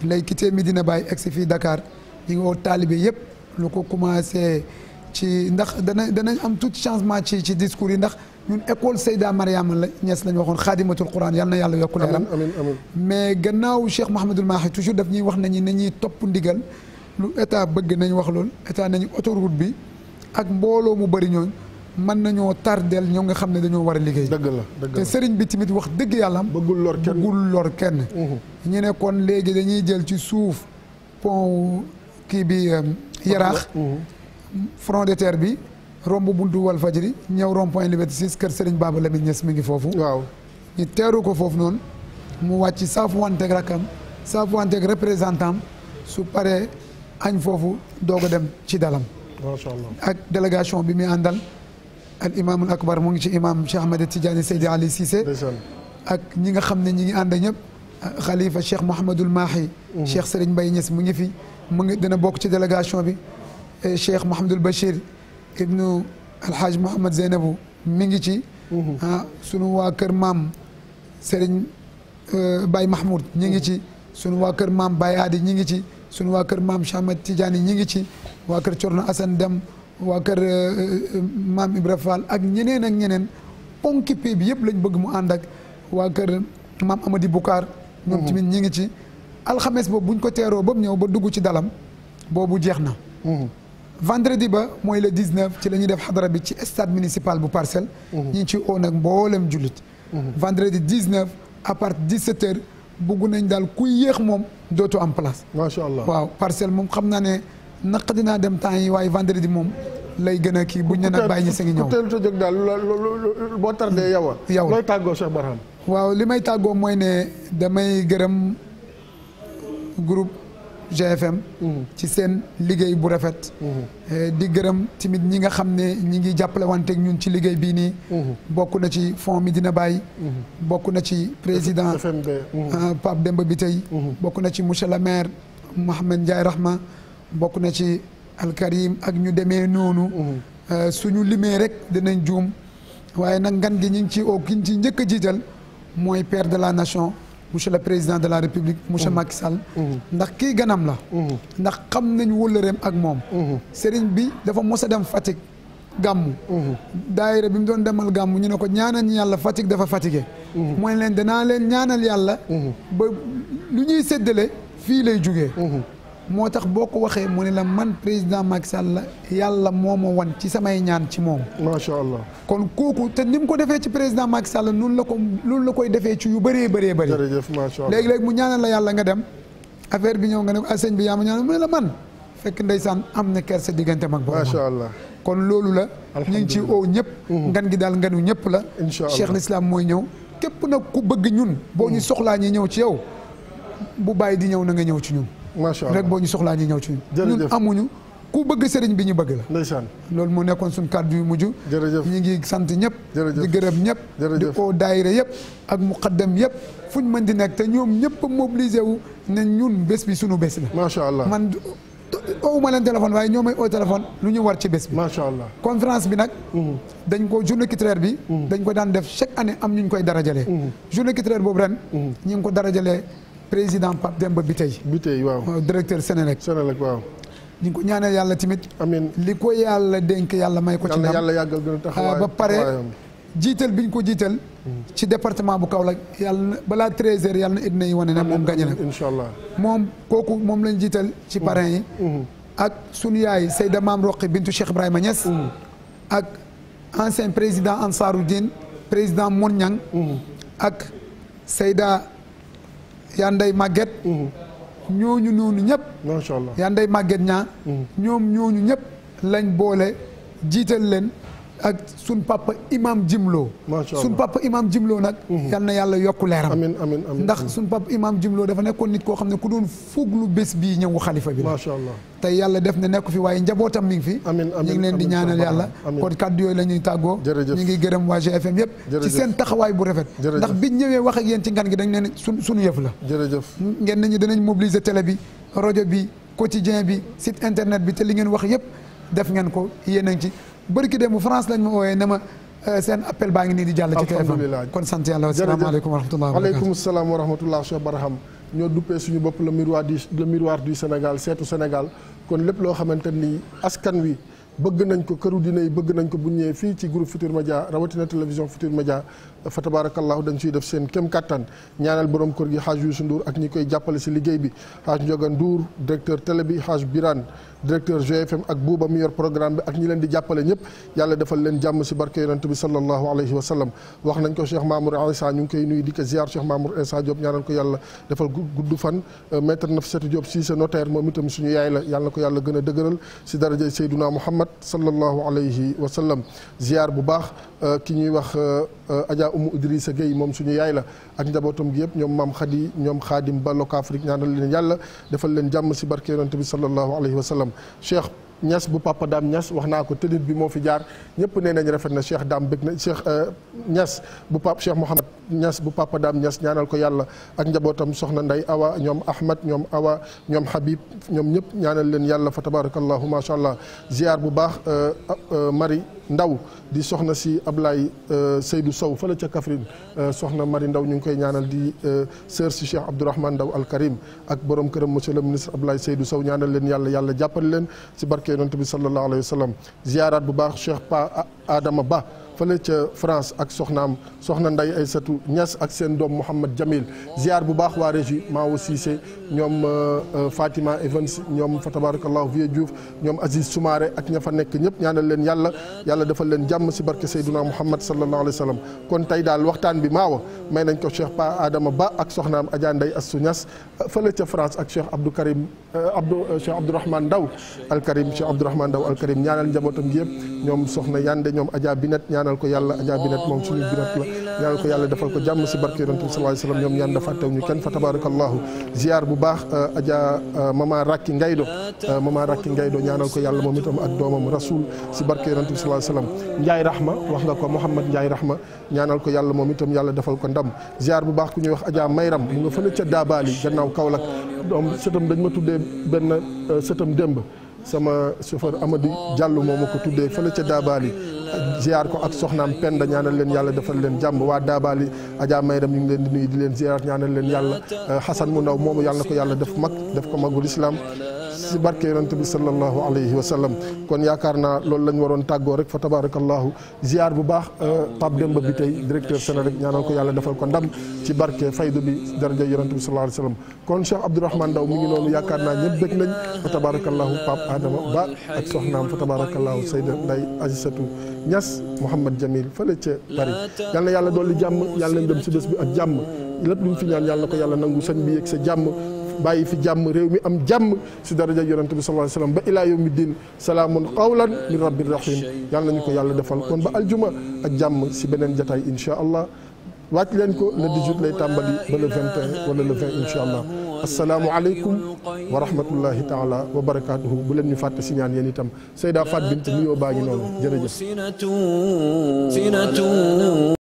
lay quitté Medina Baye egsi fii Dakar ñu ngi woo taalibe yëpp lu ko commencé ci ndax dana danañ am tout changement ci ci discours yi ndax ñun école Seyda Mariama la Niass lañ waxoon xaadimatul quran yal na yàlla yokku leeram mais gannaaw Cheikh Mouhamadul Mahi toujours def ñuy wax nañu nañuy topp ndigal lu état bëgg nañu wax lool état nañu autoroute bi ak mbooloo mu bari ñooñ mën nañoo tardeel ñoo nga xam ne dañoo war a liggéey. dëgg la dëgg la te sëriñ bi timit wax dëgg yàlla. bëggul lor kenn bëggul lor kenn. ñu ne kon léegi dañuy jël ci suuf pont kii bi euh, yaraax. front de terre bi. romb buntu Walfadjri ñëw rond point Liberté 6 kër Serigne Baba Lamine Niass mi ngi foofu. waaw ñu teeru ko foofu noonu. mu wàcc saafu wanteeg rakkam saafu wanteeg représentant su paree. añ foofu doog a dem ci dalam macha allah ak délégation bi muy àndal al imaamul akbar mu ngi ci imam Cheikh Ahmed Tidiane Seydi Ali Cissé ak ñi nga xam ne ñi ngi ànd ñëpp xalifa Cheikh Mouhamadul Mahi mhm. Cheikh Serigne Mbaye Niass mu ngi fi mu ngi dina bokk ci délégation bi eh, Cheikh Mouhamadul Bachir ibnu alhaaj Mouhamad Zeynabu mi ngi ci mhm. ah sunu waa kër maam Serigne eh, Baye Mahmoud ñi ngi ci mhm. sunu waa kër maam Baye Adi ñi ngi ci suñu waa kër maam Cheikh Ahmed Tidiane ñi ngi ci waa kër Thierno Assane Deme waa kër euh, euh, maam Ibra Fall ak ñeneen ak ñeneen ponki pay bi yëpp lañ bëgg mu ànd ak waa kër maam Amady Boucar ñoom tamit ñi ngi ci alxames boobu buñ ko teeroo ba mu ñëw ba dugg ci dalam boobu jeex na vendredi ba mooy le 19 ci la ñuy def xadara bi ci stade municipal bu parcelle ñi ngi ci oo nag mboolem jullit vendredi 19 à partir 17 heures bugg nañ daal kuy yéex moom dootu am place. macha allah waaw parcelle moom xam naa ne naq dinaa dem temps yi waaye vendredi moom. lay gën a kii bu ñu nag bàyyi ñu si ngi ñëw ku teel a jóg daal boo tardé yow a. yow looy tàggoo Cheikh Barham waaw li may tàggoo mooy ne damay gërëm groupe GFM. Mm-hmm. ci seen liggéey bu rafet. Mm-hmm. Eh, di gërëm tamit ñi nga xam ne ñi ngi jàppale wante ñun ci liggéey bii nii. Mm-hmm. bokk na ci mi dina Baye. bokk na ci président ah, Pape Demba Biteye. bokk na ci monsieur le maire Mouhamed Ndiaye Rahma bokk na ci Alkarim ak ñu demee noonu. Eh, suñu limee rek dinañ juum waaye nag ngan gi ñu ngi ci oo kiñ ci njëkk a jiital mooy per de la nation. monsieur le président de la république monsieur mmh. Macky Sall mmh. ndax kii ganam la mmh. ndax xam nañu wëllëreem ak moom sëriñ bi dafa mos a dem Fatick gàmmu daayira bi mu doon demal gàmmu ñu ne ko ñaanal yàlla Fatick dafa fatigué mooy leen danaa leen ñaanal yàlla ba lu ñuy séddale fii lay jugee moo tax boo ko waxee mu ne la man président Macky Sall la yàlla moo ma wan ci samay ñaan ci moom. macha allah kon kooku te ni mu ko defee ci président Macky Sall noonu la ko loolu la koy defee ci yu bëree bëree bëri. jërëjëf macha allah mu ñaanal la yàlla nga dem affaire bi ñëw nga ne ko ah, bi yaa ma ñaanal mu ne fekk ndeysaan am na kersa diggante mag. macha allah kon loolu la. ñu ngi ci oo ñëpp. Mm-hmm. ngan gi daal nganu ñëpp la. incha allah Cheikh Lislam mooy ñëw. képp nag ku bëgg ñun. boo ñu mm-hmm. soxlaa ñi ñëw ci yow bu bàyyi di ñëw na nga ñëw ci ñun macha allah rek boo ñu soxlaa ñu ñëw ci ñun amuñu ku bëgg sëriñ bi ñu bëgg la ndeysaan loolu mu nekkoon suñ kàddu yu mujj jërëjëf ñi ngi sant ñëpp di gërëm ñëpp di oo daayira yëpp ak muqaddam yëpp fuñ mën di nekk te ñoom ñëpp mobilisé wu ne ñun bés bi suñu bés la macha allah man oowuma leen téléphone waaye ñoo may oo téléphone lu ñu war ci bés bi macha allah conférence bi nag mhm. dañ ko journée culturelle bi mhm. dañ ko daan def chaque année am ñu ñu koy darajalee mhm. journée culturelle boobu ren ñu ngi ko darajalee président Pape Demba Bitèye. Bitèye waaw euh, directeur Sénélec. Sénélec waaw. ñu ngi ko ñaanal yàlla tamit. amiin li ko yàlla dénk yàlla may ko ci ndam yàlla yàggal gën a taxawaayam ah, ba pare jiital bi ñu ko jiital. Hmm. ci département bu Kaolack yàlla na balaa treize yàlla na it nañu wane ne moom gañe na. incha allah moom kooku moom lañ jiital. ci hmm. parrain yi. Hmm. ak sunu yaay Seyda Maam Roqi Bintu Cheikh Ibrahima Niass. ak ancien président Ansarou Dine président Mon Niang. ak Seyda. yaa nday màgget mhm. ñooñu noonu ñëpp macha allah màgget ñaa mhm. ñoom ñooñu ñëpp lañ boole jiital leen ak sun papa imam Jimlo. sun papa imam Jimlo nag. Mhm. yal na yàlla yokk leeram. amiin ndax sun papa imam Jimlo dafa nekkoon nit koo xam ne ku doon fuglu bés bii ñëngu xalifa bi la. macha allah tey yàlla def na nekk fi waaye njabootam mi ngi fi. amiin amiin ñu leen di ñaanal yàlla. kon kàddu yooyu la ñuy tàggoo. ñu ngi gërëm waa GFM yëpp. ci seen taxawaay bu rafet. ndax biñ ñëwee wax ak yéen ci ngan gi dañ leen sun sunu yëf la. jërëjëf ngeen nañu danañ mobiliser télé bi rajo bi quotidien bi sit internet bi te li ngeen wax yëpp def ngeen ko yéen a ngi bërki démb France lañ ma wooyee ne ma euh, seen appel baa ngi nii di jàll ci TFM kon sant yàlla wasalaamaaleykum wa rahmatulah aleykum salaam wa rahmatulah Cheikh Barham ñoo duppee suñu bopp le miroir du le miroir du Sénégal seetu Sénégal kon lépp loo xamante nii askan wi bëgg nañ ko këru dina yi bëgg nañ ko bu ñëwee fii ci groupe Futur Media rawatina télévision Futur Media fa tabarakallahu dañ ciy def seen kem kattan ñaaneel borom kër gi xaaj Youssou Ndour ak ñi koy jàppale si liggéey bi xaaj Ndioga Ndour directeur télé bi xaaj Birane directeur GFM ak buuba mi yor programme bi ak ñi leen di jàppale ñëpp yàlla defal leen jàmm si barke yonent bi sallallahu alayhi wa sallam wax nañ ko Cheikh Mamour Insa ñu ngi koy nuyu di ko ziar Cheikh Mamour Insa Diop ñaanal ko yàlla defal gudd fan euh, maître Nafissatou Diop Cissé notaire moom itam suñu yaay la yàlla na ko yàlla gën a dëgëral si daraja Seyduna Muhammad sallallahu alayhi wa sallam ziar bu baax euh, ki ñuy wax euh, Adja Oumou moom suñu yaay la ak njabootam gi yëpp ñoom maam Khady ñoom Khadim Ba Loka Afrique ñaanal yàlla defal leen jàmm si barke yonent bi sallallahu alayhi wa sallam itam Cheikh Niass bu Papa daam ñas wax naa ko tëddit bi moo fi jaar ñëpp nee nañ rafet na Cheikh Dame bëgg na Cheikh ñas euh, bu Papa Cheikh Mouhamed ñas bu Papa Dame Niass ñaanal ko yàlla ak njabootam soxna Ndey Awa ñoom Ahmad ñoom Awa ñoom Habib ñoom ñëpp ñaanal leen yàlla fa tabarakallahu ma sha allah ziar bu baax euh, euh, Marie Ndaw di soxna si ab Ablaye euh, Seydou Sow fële ca Kaffrine euh, soxna Mari Ndaw ñu ngi koy ñaanal di euh, sœur si Cheikh Abdourahmane Ndaw Al Karim ak borom këram monsieur le ministre Ablaye Seydou Sow ñaanal leen yàlla yàlla jàppal leen si barke yonent bi sallallahu alayhi wa sallam ziyaaraat bu baax Cheikh Pa Adama Ba fële ca France ak soxnaam soxna Nday satu Ñas ak seen doom Mouhamad Jamil ziar bu baax waa régie Maawo Cissé ñoom euh, euh, Fatima Evans ñoom fa tabarakallahu Vieux Diouf ñoom Aziz Soumaré ak ña fa nekk ñëpp ñaanal leen yàlla yàlla defal leen jàmm si barke Seyduna Mouhamad sallallahu alayhi wa sallam kon tey daal waxtaan bi Maawa may nañ ko Cheikh Pa Adama Ba ak soxnaam Adja Nday Assu Ñas fële ca France ak Cheikh Abdou Karim Euh, Abdou euh, Cheikh Abdourahmane Ndaw Alkarim Cheikh Abdourahmane Ndaw Alkarim ñaanal njabootam gi yëpp ñoom soxna yande ñoom Adja Binet ñaanal ko yàlla Adja Binet moom suñu Binet la ñaanal ko yàlla defal ko jàmm si barke yonent bi sallallahu alayhi wasallam ñoom ñaan dafa teew ñu kenn fa tabarakallahu ziar bu baax euh, Adja Mama Rakki Ngaydo Mama Rakki Ngaydo ñaanal ko yàlla moom itam ak doomam Rasoul si barke yonent bi sallallahu alayhi wasallam Ndiaye Rahma wax nga ko Mouhamad Ndiaye Rahma ñaanal ko yàlla moom itam yàlla defal ko ndam ziar bu baax ku ñuy wax Adja Mayram mu nga fële ca Daabali gannaaw Kaolack doom sëtam dañ ma tuddee benn euh, sëtam démb sama chauffeur amadi Diallo moo ma ko tuddee fële ca Daabali ziar ko ak soxnaam Penda ñaanal leen yàlla defal leen jàmm waa Daabali Adja Maydam ñu ngi leen di nuyu di leen ziar ñaanal leen yàlla euh, Xasan mu ndaw moomu yàlla na ko yàlla def mag def ko magul islam. si barke yonent bi sallallahu alayhi wa sallam kon yaakaar naa loolu lañ waroon tàggoo rek fa tabarakallahu ziar bu baax euh, Pape Demba bi tey directeur Senelec ñaanal ko yàlla defal ko ndam ci barke faydu bi daraja yonent bi sallallahu alayhi wa sallam kon Cheikh Abdourahmane Ndaw mi ngi noonu yaakaar naa ñëpp bëgg nañ fa tabarakallahu Pape Adama Ba ak soxnaam fa tabarakallahu Seyda Nday Ajisatou Niass Mouhamad Jamil fële ca Paris yal na yàlla dolli jàmm yàlla nañ dem si bés bi ak jàmm lépp lu mu fi ñaan ko yàlla nangu sañ bi sa jàmm bàyyi fi jàmm réew mi am jàmm si daraja yonente bi sallallahu alayhi wasallam ba ilaa yawmi din salaamun qawlan min rabbir rahim yàlla nañu ko yàlla defal kon ba al aljuma ak jàmm si beneen jataay incha allah wàcc leen ko le 18 lay tàmbali ba le 21 wala le 20 incha allah aleykum wa rahmatullahi taala wa barakaatuhu bu leen ñu fàtte si ñaan yéen itam Seyda Fat Bint nuyoo baa ngi noonu jërëjëf